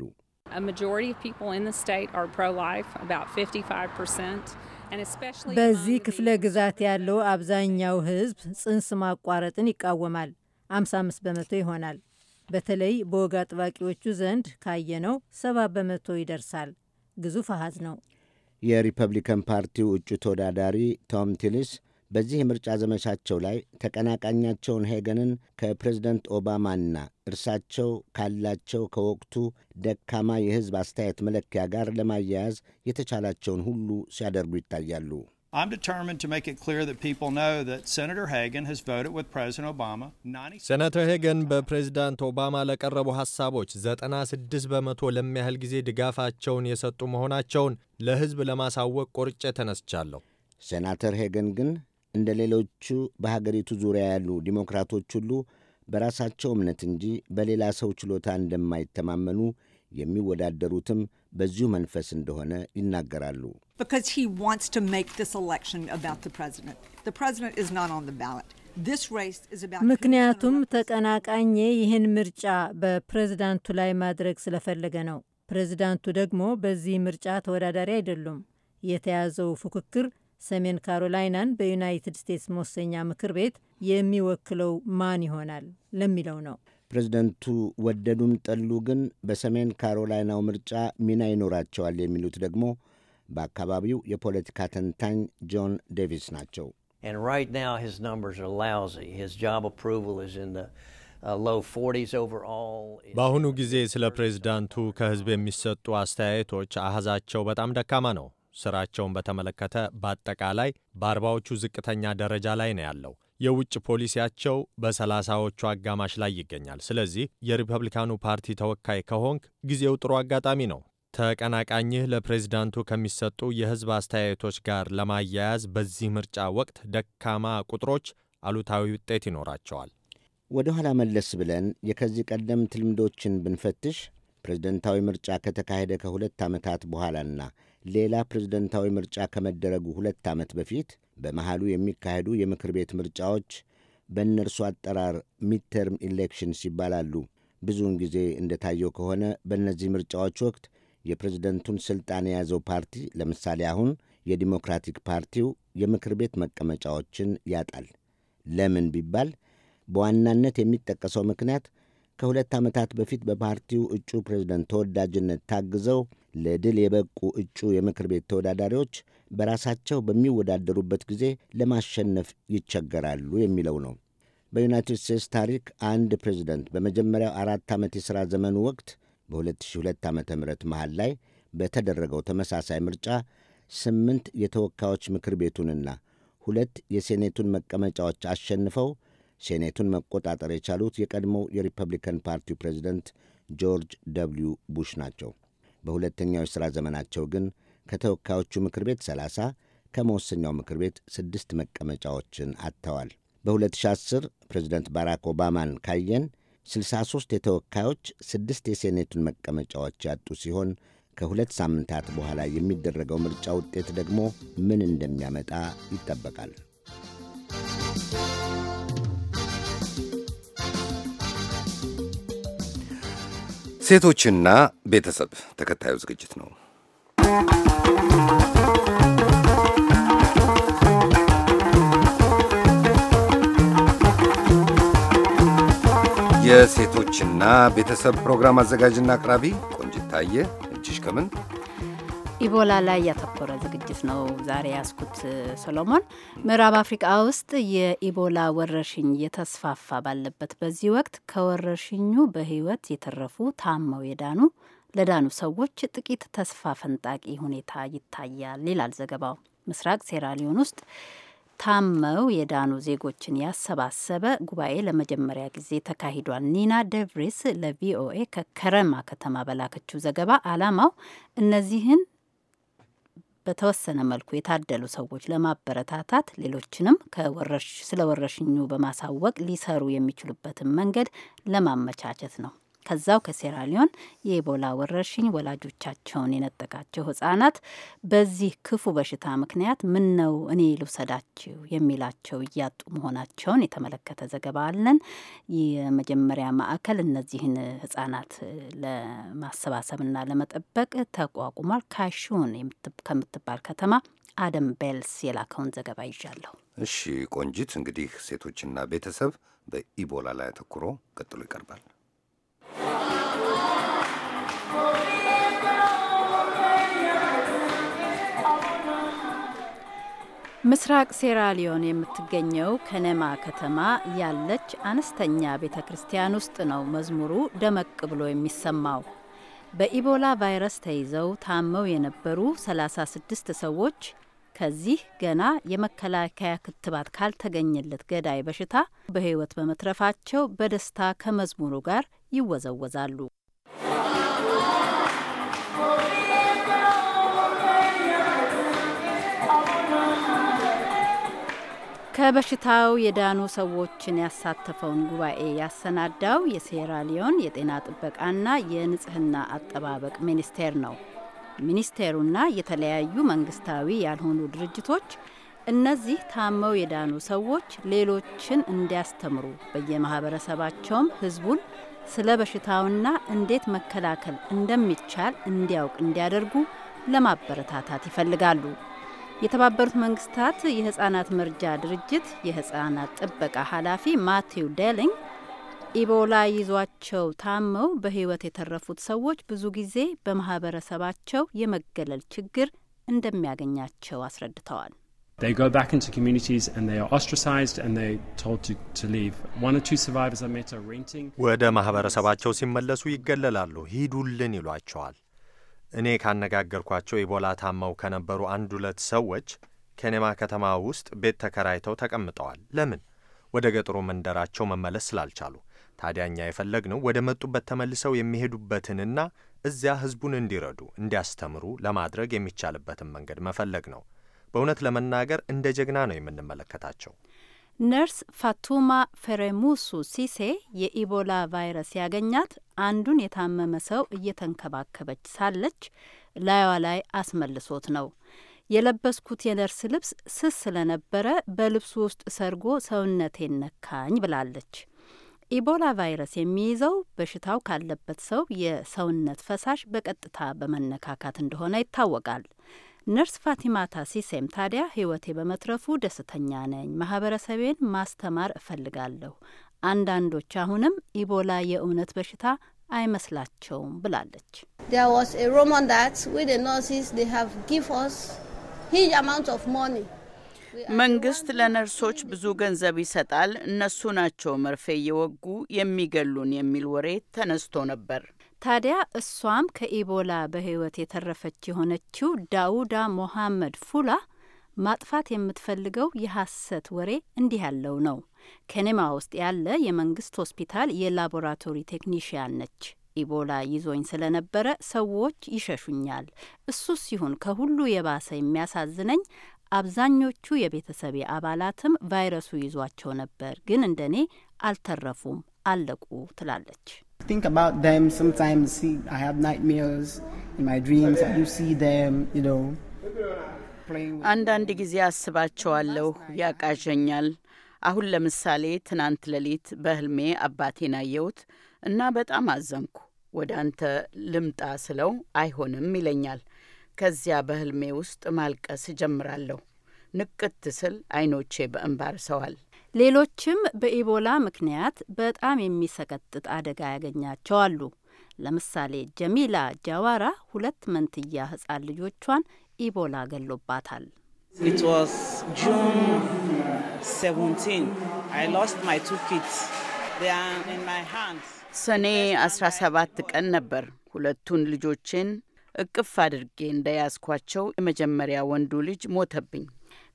[SPEAKER 6] በዚህ
[SPEAKER 10] ክፍለ ግዛት ያለው አብዛኛው ሕዝብ ጽንስ ማቋረጥን ይቃወማል። 55 በመቶ ይሆናል። በተለይ በወግ አጥባቂዎቹ ዘንድ ካየነው 70 በመቶ ይደርሳል። ግዙፍ አሃዝ ነው።
[SPEAKER 6] የሪፐብሊካን ፓርቲው እጩ ተወዳዳሪ ቶም ቲሊስ በዚህ የምርጫ ዘመቻቸው ላይ ተቀናቃኛቸውን ሄገንን ከፕሬዝደንት ኦባማና እርሳቸው ካላቸው ከወቅቱ ደካማ የሕዝብ አስተያየት መለኪያ ጋር ለማያያዝ የተቻላቸውን ሁሉ ሲያደርጉ ይታያሉ።
[SPEAKER 9] ሴናተር ሄገን በፕሬዚዳንት ኦባማ ለቀረቡ ሐሳቦች 96 በመቶ ለሚያህል ጊዜ ድጋፋቸውን የሰጡ መሆናቸውን ለሕዝብ ለማሳወቅ ቆርጬ ተነስቻለሁ።
[SPEAKER 6] ሴናተር ሄገን ግን እንደ ሌሎቹ በሀገሪቱ ዙሪያ ያሉ ዲሞክራቶች ሁሉ በራሳቸው እምነት እንጂ በሌላ ሰው ችሎታ እንደማይተማመኑ የሚወዳደሩትም በዚሁ መንፈስ እንደሆነ ይናገራሉ።
[SPEAKER 10] ምክንያቱም ተቀናቃኜ ይህን ምርጫ በፕሬዝዳንቱ ላይ ማድረግ ስለፈለገ ነው። ፕሬዝዳንቱ ደግሞ በዚህ ምርጫ ተወዳዳሪ አይደሉም። የተያዘው ፉክክር ሰሜን ካሮላይናን በዩናይትድ ስቴትስ መወሰኛ ምክር ቤት የሚወክለው ማን ይሆናል ለሚለው ነው።
[SPEAKER 6] ፕሬዚደንቱ ወደዱም ጠሉ ግን በሰሜን ካሮላይናው ምርጫ ሚና ይኖራቸዋል የሚሉት ደግሞ በአካባቢው የፖለቲካ ተንታኝ ጆን ዴቪስ ናቸው።
[SPEAKER 9] uh, በአሁኑ ጊዜ ስለ ፕሬዝዳንቱ ከህዝብ የሚሰጡ አስተያየቶች አሃዛቸው በጣም ደካማ ነው። ስራቸውን በተመለከተ በአጠቃላይ በአርባዎቹ ዝቅተኛ ደረጃ ላይ ነው ያለው። የውጭ ፖሊሲያቸው በሰላሳዎቹ አጋማሽ ላይ ይገኛል። ስለዚህ የሪፐብሊካኑ ፓርቲ ተወካይ ከሆንክ ጊዜው ጥሩ አጋጣሚ ነው። ተቀናቃኝህ ለፕሬዚዳንቱ ከሚሰጡ የህዝብ አስተያየቶች ጋር ለማያያዝ በዚህ ምርጫ ወቅት ደካማ ቁጥሮች አሉታዊ ውጤት ይኖራቸዋል።
[SPEAKER 6] ወደ ኋላ መለስ ብለን የከዚህ ቀደም ትልምዶችን ብንፈትሽ ፕሬዝደንታዊ ምርጫ ከተካሄደ ከሁለት ዓመታት በኋላና ሌላ ፕሬዝደንታዊ ምርጫ ከመደረጉ ሁለት ዓመት በፊት በመሃሉ የሚካሄዱ የምክር ቤት ምርጫዎች በእነርሱ አጠራር ሚድተርም ኢሌክሽንስ ይባላሉ። ብዙውን ጊዜ እንደታየው ከሆነ በእነዚህ ምርጫዎች ወቅት የፕሬዝደንቱን ስልጣን የያዘው ፓርቲ ለምሳሌ አሁን የዲሞክራቲክ ፓርቲው የምክር ቤት መቀመጫዎችን ያጣል። ለምን ቢባል በዋናነት የሚጠቀሰው ምክንያት ከሁለት ዓመታት በፊት በፓርቲው እጩ ፕሬዝደንት ተወዳጅነት ታግዘው ለድል የበቁ እጩ የምክር ቤት ተወዳዳሪዎች በራሳቸው በሚወዳደሩበት ጊዜ ለማሸነፍ ይቸገራሉ የሚለው ነው። በዩናይትድ ስቴትስ ታሪክ አንድ ፕሬዝደንት በመጀመሪያው አራት ዓመት የሥራ ዘመኑ ወቅት በ2002 ዓ ም መሃል ላይ በተደረገው ተመሳሳይ ምርጫ ስምንት የተወካዮች ምክር ቤቱንና ሁለት የሴኔቱን መቀመጫዎች አሸንፈው ሴኔቱን መቆጣጠር የቻሉት የቀድሞው የሪፐብሊካን ፓርቲው ፕሬዚደንት ጆርጅ ደብልዩ ቡሽ ናቸው። በሁለተኛው የሥራ ዘመናቸው ግን ከተወካዮቹ ምክር ቤት 30 ከመወሰኛው ምክር ቤት ስድስት መቀመጫዎችን አጥተዋል። በ2010 ፕሬዚደንት ባራክ ኦባማን ካየን 63 የተወካዮች ስድስት የሴኔቱን መቀመጫዎች ያጡ ሲሆን ከሁለት ሳምንታት በኋላ የሚደረገው ምርጫ ውጤት ደግሞ ምን እንደሚያመጣ ይጠበቃል።
[SPEAKER 2] ሴቶችና ቤተሰብ ተከታዩ ዝግጅት ነው። የሴቶችና ቤተሰብ ፕሮግራም አዘጋጅና አቅራቢ ቆንጅት ታየ እጅሽ ከምን
[SPEAKER 1] ኢቦላ ላይ ያተኮረ ዝግጅት ነው ዛሬ ያስኩት። ሰሎሞን፣ ምዕራብ አፍሪቃ ውስጥ የኢቦላ ወረርሽኝ እየተስፋፋ ባለበት በዚህ ወቅት ከወረርሽኙ በህይወት የተረፉ ታመው የዳኑ ለዳኑ ሰዎች ጥቂት ተስፋ ፈንጣቂ ሁኔታ ይታያል ይላል ዘገባው። ምስራቅ ሴራሊዮን ውስጥ ታመው የዳኑ ዜጎችን ያሰባሰበ ጉባኤ ለመጀመሪያ ጊዜ ተካሂዷል። ኒና ደቭሪስ ለቪኦኤ ከከረማ ከተማ በላከችው ዘገባ አላማው እነዚህን በተወሰነ መልኩ የታደሉ ሰዎች ለማበረታታት ሌሎችንም ስለ ወረርሽኙ በማሳወቅ ሊሰሩ የሚችሉበትን መንገድ ለማመቻቸት ነው። ከዛው ከሴራሊዮን የኢቦላ ወረርሽኝ ወላጆቻቸውን የነጠቃቸው ህጻናት በዚህ ክፉ በሽታ ምክንያት ምን ነው እኔ ልውሰዳችሁ የሚላቸው እያጡ መሆናቸውን የተመለከተ ዘገባ አለን። የመጀመሪያ ማዕከል እነዚህን ህጻናት ለማሰባሰብና ለመጠበቅ ተቋቁሟል። ካሹን ከምትባል ከተማ አደም ቤልስ የላከውን ዘገባ ይዣለሁ።
[SPEAKER 2] እሺ ቆንጂት፣ እንግዲህ ሴቶችና ቤተሰብ በኢቦላ ላይ አተኩሮ ቀጥሎ ይቀርባል።
[SPEAKER 1] ምስራቅ ሴራሊዮን የምትገኘው ከነማ ከተማ ያለች አነስተኛ ቤተ ክርስቲያን ውስጥ ነው መዝሙሩ ደመቅ ብሎ የሚሰማው። በኢቦላ ቫይረስ ተይዘው ታመው የነበሩ 36 ሰዎች ከዚህ ገና የመከላከያ ክትባት ካልተገኘለት ገዳይ በሽታ በሕይወት በመትረፋቸው በደስታ ከመዝሙሩ ጋር ይወዘወዛሉ። ከበሽታው የዳኑ ሰዎችን ያሳተፈውን ጉባኤ ያሰናዳው የሴራሊዮን የጤና ጥበቃና የንጽህና አጠባበቅ ሚኒስቴር ነው። ሚኒስቴሩና የተለያዩ መንግስታዊ ያልሆኑ ድርጅቶች እነዚህ ታመው የዳኑ ሰዎች ሌሎችን እንዲያስተምሩ በየማህበረሰባቸውም ህዝቡን ስለ በሽታውና እንዴት መከላከል እንደሚቻል እንዲያውቅ እንዲያደርጉ ለማበረታታት ይፈልጋሉ። የተባበሩት መንግስታት የህጻናት መርጃ ድርጅት የህጻናት ጥበቃ ኃላፊ ማቴው ደሊንግ ኢቦላ ይዟቸው ታመው በህይወት የተረፉት ሰዎች ብዙ ጊዜ በማህበረሰባቸው የመገለል ችግር እንደሚያገኛቸው አስረድተዋል።
[SPEAKER 9] ወደ ማህበረሰባቸው ሲመለሱ ይገለላሉ። ሂዱልን ይሏቸዋል። እኔ ካነጋገርኳቸው ኢቦላ ታመው ከነበሩ አንድ ሁለት ሰዎች ከኔማ ከተማ ውስጥ ቤት ተከራይተው ተቀምጠዋል። ለምን? ወደ ገጠሩ መንደራቸው መመለስ ስላልቻሉ። ታዲያ እኛ የፈለግነው ወደ መጡበት ተመልሰው የሚሄዱበትንና እዚያ ህዝቡን እንዲረዱ እንዲያስተምሩ ለማድረግ የሚቻልበትን መንገድ መፈለግ ነው። በእውነት ለመናገር እንደ ጀግና ነው የምንመለከታቸው።
[SPEAKER 1] ነርስ ፋቱማ ፌሬሙሱ ሲሴ የኢቦላ ቫይረስ ያገኛት አንዱን የታመመ ሰው እየተንከባከበች ሳለች ላይዋ ላይ አስመልሶት ነው። የለበስኩት የነርስ ልብስ ስስ ስለነበረ በልብሱ ውስጥ ሰርጎ ሰውነቴን ነካኝ ብላለች። ኢቦላ ቫይረስ የሚይዘው በሽታው ካለበት ሰው የሰውነት ፈሳሽ በቀጥታ በመነካካት እንደሆነ ይታወቃል። ነርስ ፋቲማ ሲሴም ታዲያ ህይወቴ በመትረፉ ደስተኛ ነኝ፣ ማህበረሰቤን ማስተማር እፈልጋለሁ። አንዳንዶች አሁንም ኢቦላ የእውነት በሽታ አይመስላቸውም ብላለች።
[SPEAKER 4] መንግስት ለነርሶች ብዙ ገንዘብ ይሰጣል፣ እነሱ ናቸው መርፌ እየወጉ የሚገሉን የሚል ወሬ ተነስቶ ነበር።
[SPEAKER 1] ታዲያ እሷም ከኢቦላ በህይወት የተረፈች የሆነችው ዳውዳ ሞሐመድ ፉላ ማጥፋት የምትፈልገው የሐሰት ወሬ እንዲህ ያለው ነው። ከኔማ ውስጥ ያለ የመንግስት ሆስፒታል የላቦራቶሪ ቴክኒሽያን ነች። ኢቦላ ይዞኝ ስለነበረ ሰዎች ይሸሹኛል። እሱ ሲሆን ከሁሉ የባሰ የሚያሳዝነኝ አብዛኞቹ የቤተሰብ አባላትም ቫይረሱ ይዟቸው ነበር፣ ግን እንደኔ አልተረፉም፣ አለቁ ትላለች።
[SPEAKER 4] think about them sometimes. See, I have nightmares in my dreams. and you see them, you know. አንዳንድ ጊዜ አስባቸዋለሁ፣ ያቃዠኛል። አሁን ለምሳሌ ትናንት ሌሊት በህልሜ አባቴን አየሁት እና በጣም አዘንኩ። ወደ አንተ ልምጣ ስለው አይሆንም ይለኛል። ከዚያ በህልሜ ውስጥ ማልቀስ እጀምራለሁ። ንቅት ስል አይኖቼ በእንባር ሰዋል። ሌሎችም በኢቦላ ምክንያት በጣም የሚሰቀጥጥ
[SPEAKER 1] አደጋ ያገኛቸው አሉ። ለምሳሌ ጀሚላ ጃዋራ ሁለት መንትያ ህጻን ልጆቿን ኢቦላ ገሎባታል።
[SPEAKER 4] ሰኔ 17 ቀን ነበር ሁለቱን ልጆቼን እቅፍ አድርጌ እንደያዝኳቸው የመጀመሪያ ወንዱ ልጅ ሞተብኝ።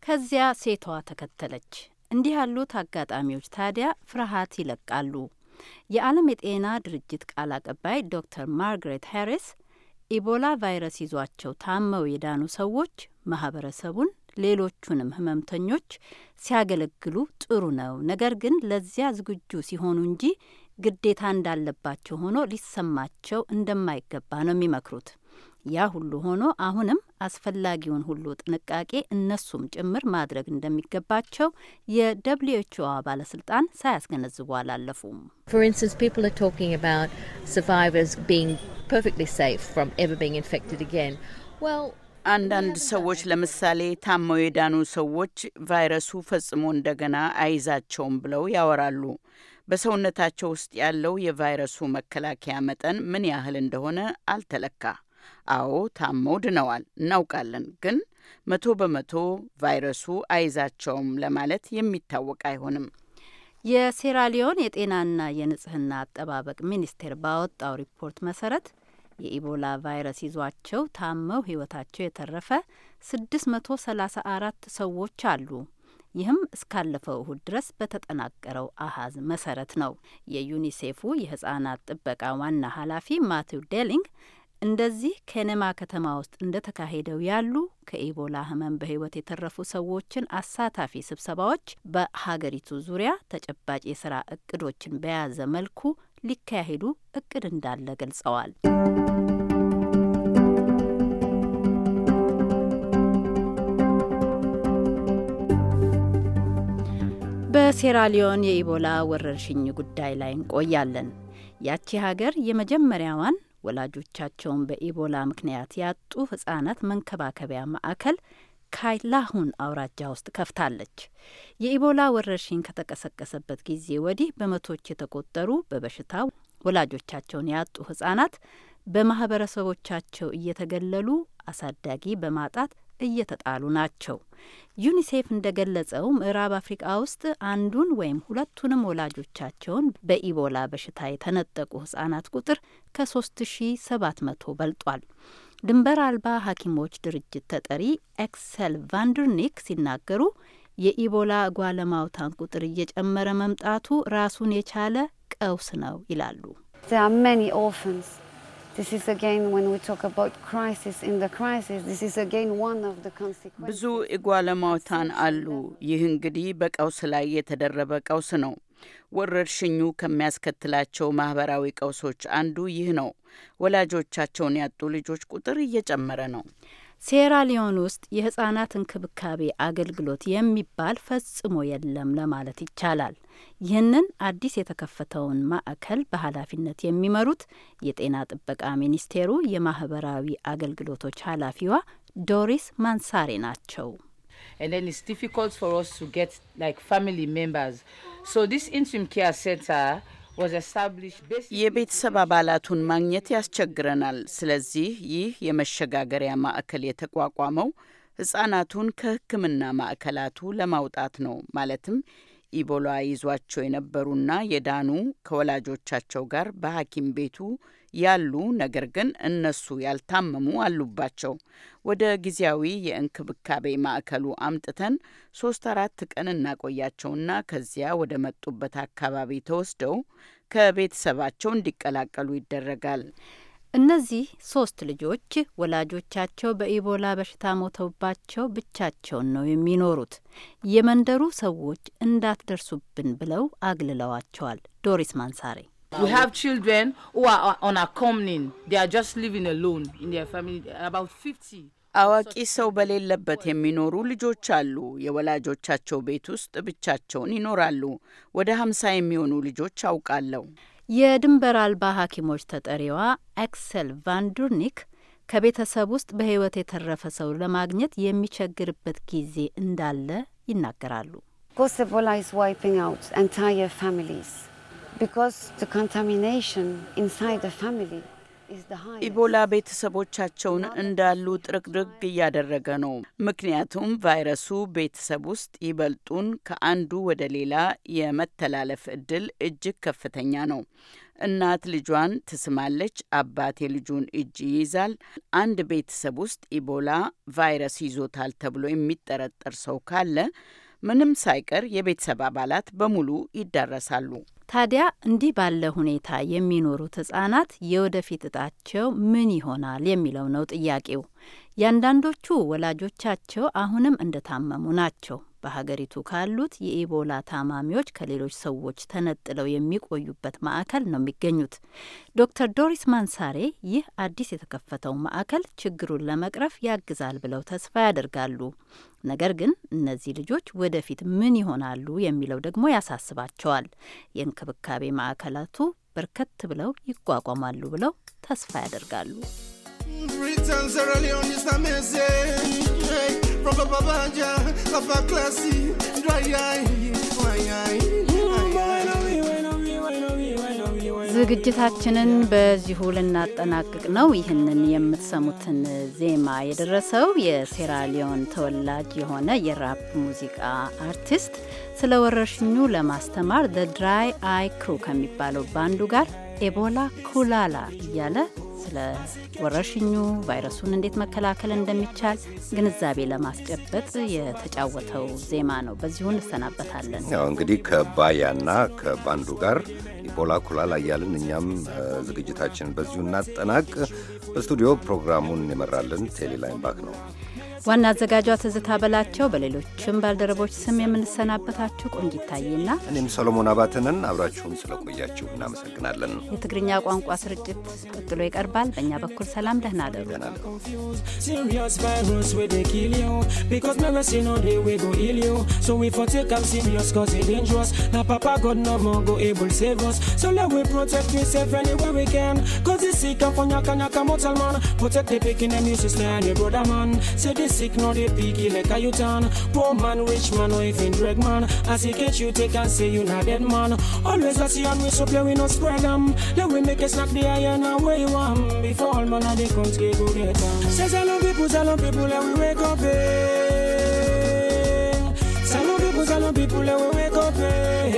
[SPEAKER 4] ከዚያ ሴቷ ተከተለች።
[SPEAKER 1] እንዲህ ያሉት አጋጣሚዎች ታዲያ ፍርሃት ይለቃሉ። የዓለም የጤና ድርጅት ቃል አቀባይ ዶክተር ማርግሬት ሃሪስ ኢቦላ ቫይረስ ይዟቸው ታመው የዳኑ ሰዎች ማህበረሰቡን ሌሎቹንም ህመምተኞች ሲያገለግሉ ጥሩ ነው፣ ነገር ግን ለዚያ ዝግጁ ሲሆኑ እንጂ ግዴታ እንዳለባቸው ሆኖ ሊሰማቸው እንደማይገባ ነው የሚመክሩት። ያ ሁሉ ሆኖ አሁንም አስፈላጊውን ሁሉ ጥንቃቄ እነሱም ጭምር ማድረግ እንደሚገባቸው
[SPEAKER 10] የደብሊው ኤች
[SPEAKER 1] ኦ ባለስልጣን ሳያስገነዝቡ አላለፉም።
[SPEAKER 4] አንዳንድ ሰዎች ለምሳሌ ታመው የዳኑ ሰዎች ቫይረሱ ፈጽሞ እንደገና አይዛቸውም ብለው ያወራሉ። በሰውነታቸው ውስጥ ያለው የቫይረሱ መከላከያ መጠን ምን ያህል እንደሆነ አልተለካ አዎ ታመው ድነዋል እናውቃለን፣ ግን መቶ በመቶ ቫይረሱ አይዛቸውም ለማለት የሚታወቅ አይሆንም። የሴራሊዮን
[SPEAKER 1] የጤናና የንጽህና አጠባበቅ ሚኒስቴር ባወጣው ሪፖርት መሰረት የኢቦላ ቫይረስ ይዟቸው ታመው ህይወታቸው የተረፈ 634 ሰዎች አሉ። ይህም እስካለፈው እሁድ ድረስ በተጠናቀረው አሀዝ መሰረት ነው። የዩኒሴፉ የህጻናት ጥበቃ ዋና ኃላፊ ማቲው ዴሊንግ እንደዚህ ከነማ ከተማ ውስጥ እንደተካሄደው ያሉ ከኢቦላ ህመም በህይወት የተረፉ ሰዎችን አሳታፊ ስብሰባዎች በሀገሪቱ ዙሪያ ተጨባጭ የስራ እቅዶችን በያዘ መልኩ ሊካሄዱ እቅድ እንዳለ ገልጸዋል። በሴራሊዮን የኢቦላ ወረርሽኝ ጉዳይ ላይ እንቆያለን። ያቺ ሀገር የመጀመሪያዋን ወላጆቻቸውን በኢቦላ ምክንያት ያጡ ህጻናት መንከባከቢያ ማዕከል ካይላሁን አውራጃ ውስጥ ከፍታለች። የኢቦላ ወረርሽኝ ከተቀሰቀሰበት ጊዜ ወዲህ በመቶዎች የተቆጠሩ በበሽታ ወላጆቻቸውን ያጡ ህጻናት በማህበረሰቦቻቸው እየተገለሉ አሳዳጊ በማጣት እየተጣሉ ናቸው። ዩኒሴፍ እንደገለጸው ምዕራብ አፍሪቃ ውስጥ አንዱን ወይም ሁለቱንም ወላጆቻቸውን በኢቦላ በሽታ የተነጠቁ ህጻናት ቁጥር ከ3700 በልጧል። ድንበር አልባ ሐኪሞች ድርጅት ተጠሪ ኤክሰል ቫንደርኒክ ሲናገሩ የኢቦላ ጓለማውታን ቁጥር እየጨመረ መምጣቱ ራሱን የቻለ ቀውስ ነው ይላሉ።
[SPEAKER 4] ብዙ ኢጓለማውታን አሉ። ይህ እንግዲህ በቀውስ ላይ የተደረበ ቀውስ ነው። ወረርሽኙ ከሚያስከትላቸው ማህበራዊ ቀውሶች አንዱ ይህ ነው። ወላጆቻቸውን ያጡ ልጆች ቁጥር እየጨመረ ነው። ሴራሊዮን ውስጥ የህጻናት እንክብካቤ አገልግሎት የሚባል ፈጽሞ
[SPEAKER 1] የለም ለማለት ይቻላል። ይህንን አዲስ የተከፈተውን ማዕከል በኃላፊነት የሚመሩት የጤና ጥበቃ ሚኒስቴሩ የማህበራዊ አገልግሎቶች ኃላፊዋ
[SPEAKER 4] ዶሪስ ማንሳሬ ናቸው። and then it's difficult for us to get like family members. So this interim care center የቤተሰብ አባላቱን ማግኘት ያስቸግረናል። ስለዚህ ይህ የመሸጋገሪያ ማዕከል የተቋቋመው ህጻናቱን ከሕክምና ማዕከላቱ ለማውጣት ነው። ማለትም ኢቦላ ይዟቸው የነበሩና የዳኑ ከወላጆቻቸው ጋር በሐኪም ቤቱ ያሉ ነገር ግን እነሱ ያልታመሙ አሉባቸው። ወደ ጊዜያዊ የእንክብካቤ ማዕከሉ አምጥተን ሶስት አራት ቀን እናቆያቸውና ከዚያ ወደ መጡበት አካባቢ ተወስደው ከቤተሰባቸው እንዲቀላቀሉ ይደረጋል። እነዚህ ሶስት ልጆች ወላጆቻቸው
[SPEAKER 1] በኢቦላ በሽታ ሞተውባቸው ብቻቸውን ነው የሚኖሩት። የመንደሩ ሰዎች እንዳትደርሱብን ብለው አግልለዋቸዋል። ዶሪስ ማንሳሬ we have
[SPEAKER 4] children who are on accompanying. They are just living alone in their family. About 50. አዋቂ ሰው በሌለበት የሚኖሩ ልጆች አሉ። የወላጆቻቸው ቤት ውስጥ ብቻቸውን ይኖራሉ። ወደ ሀምሳ የሚሆኑ ልጆች አውቃለሁ። የድንበር አልባ ሐኪሞች ተጠሪዋ አክሰል ቫንዱርኒክ ከቤተሰብ ውስጥ በሕይወት
[SPEAKER 1] የተረፈ ሰው ለማግኘት የሚቸግርበት ጊዜ እንዳለ ይናገራሉ።
[SPEAKER 4] ጎስቦላ ኢዝ ዋይፒንግ አውት ኤንታየር ፋሚሊስ ኢቦላ ቤተሰቦቻቸውን እንዳሉ ጥርቅርግ እያደረገ ነው። ምክንያቱም ቫይረሱ ቤተሰብ ውስጥ ይበልጡን ከአንዱ ወደ ሌላ የመተላለፍ እድል እጅግ ከፍተኛ ነው። እናት ልጇን ትስማለች፣ አባት የልጁን እጅ ይይዛል። አንድ ቤተሰብ ውስጥ ኢቦላ ቫይረስ ይዞታል ተብሎ የሚጠረጠር ሰው ካለ ምንም ሳይቀር የቤተሰብ አባላት በሙሉ ይዳረሳሉ። ታዲያ እንዲህ ባለ ሁኔታ
[SPEAKER 1] የሚኖሩት ህጻናት የወደፊት እጣቸው ምን ይሆናል የሚለው ነው ጥያቄው። ያንዳንዶቹ ወላጆቻቸው አሁንም እንደታመሙ ናቸው። በሀገሪቱ ካሉት የኢቦላ ታማሚዎች ከሌሎች ሰዎች ተነጥለው የሚቆዩበት ማዕከል ነው የሚገኙት። ዶክተር ዶሪስ ማንሳሬ ይህ አዲስ የተከፈተው ማዕከል ችግሩን ለመቅረፍ ያግዛል ብለው ተስፋ ያደርጋሉ። ነገር ግን እነዚህ ልጆች ወደፊት ምን ይሆናሉ የሚለው ደግሞ ያሳስባቸዋል። የእንክብካቤ ማዕከላቱ በርከት ብለው ይቋቋማሉ ብለው ተስፋ ያደርጋሉ።
[SPEAKER 11] Classy, Dry Eye,
[SPEAKER 1] ዝግጅታችንን በዚሁ ልናጠናቅቅ ነው። ይህንን የምትሰሙትን ዜማ የደረሰው የሴራሊዮን ተወላጅ የሆነ የራፕ ሙዚቃ አርቲስት ስለ ወረርሽኙ ለማስተማር ዘ ድራይ አይ ክሩ ከሚባለው ባንዱ ጋር ኤቦላ ኩላላ እያለ ስለ ወረርሽኙ ቫይረሱን እንዴት መከላከል እንደሚቻል ግንዛቤ ለማስጨበጥ የተጫወተው ዜማ ነው። በዚሁ እንሰናበታለን። ያው
[SPEAKER 2] እንግዲህ ከባያና ከባንዱ ጋር ኢቦላ ኩላላ እያልን እኛም ዝግጅታችን በዚሁ እናጠናቅ። በስቱዲዮ ፕሮግራሙን የመራልን ቴሌላይን ባክ ነው።
[SPEAKER 1] ዋና አዘጋጇ ትዝታ በላቸው፣ በሌሎችም ባልደረቦች ስም የምንሰናበታችሁ ቆንጂት ታዬና
[SPEAKER 2] እኔም ሰሎሞን አባተንን አብራችሁን ስለቆያችሁ እናመሰግናለን።
[SPEAKER 1] የትግርኛ ቋንቋ ስርጭት ቀጥሎ ይቀርባል። በእኛ በኩል ሰላም፣ ደህና ደሩ።
[SPEAKER 11] Protect the picking and you sister and your brother man. Say this sick, no they picky like a you turn. Poor man, rich man, or even drag man. As he catch you, take and say you not dead man. Always I see on so play we no spread them. Then we make a snack the iron away one. Before all man, they come to go get them. Says hello people, hello people, let we wake up. Eh. hello people, hello people, let we wake up. Eh.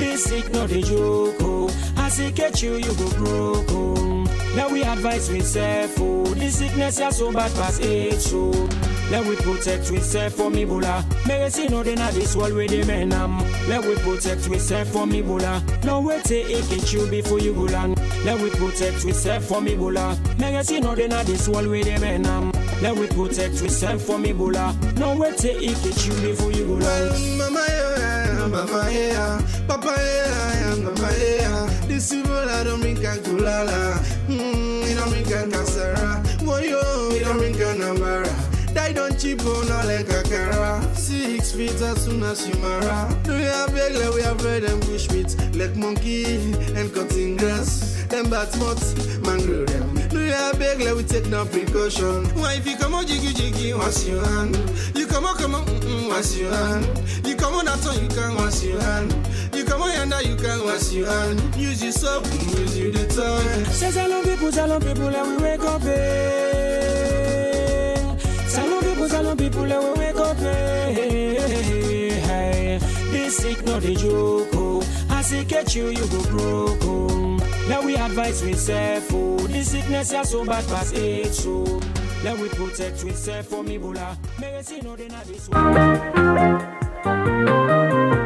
[SPEAKER 11] This sick, not a joke. Oh. As he catch you, you go broke. Oh. Now we advise we self, oh, the sickness ya so bad pass it through. Let we protect we self from Ebola. see no deny this world with the men am. Let we protect we self from Ebola. No wait till it hit you before you go land. Let we protect we self from Ebola. see no deny this world with the men am. Let we protect we self from Ebola. No wait till it hit you before you go land. Mama yeah, mama yeah, papa yeah, mama yeah. I don't drink a Kulala. Mm, I don't drink a Casara. Moyo, we don't drink a Nambara. Die don't chip on a like a cara. Six feet as soon as you mara. We have big, like we have bread and bush meat. Like monkey and cutting grass. Them bat mots, mangrove them. We have big, like we take no precaution. Why if you come on jiggy jiggy, wash your hand. You come on, come on, mm -mm, wash your hand. You come on, that's all you can, wash your hand come on yonder, you can wash your hands, Use your soap, use your detergent. Say salon people, salon people, and we wake up. Eh. Salon people, salon people, and we wake up. Eh. This sick not a joke. Oh. I say catch you, you go broke. Oh. Now we advise we self. Oh. This sickness is so bad past age. So. Then we protect we self from Ebola. May you see no dinner this one.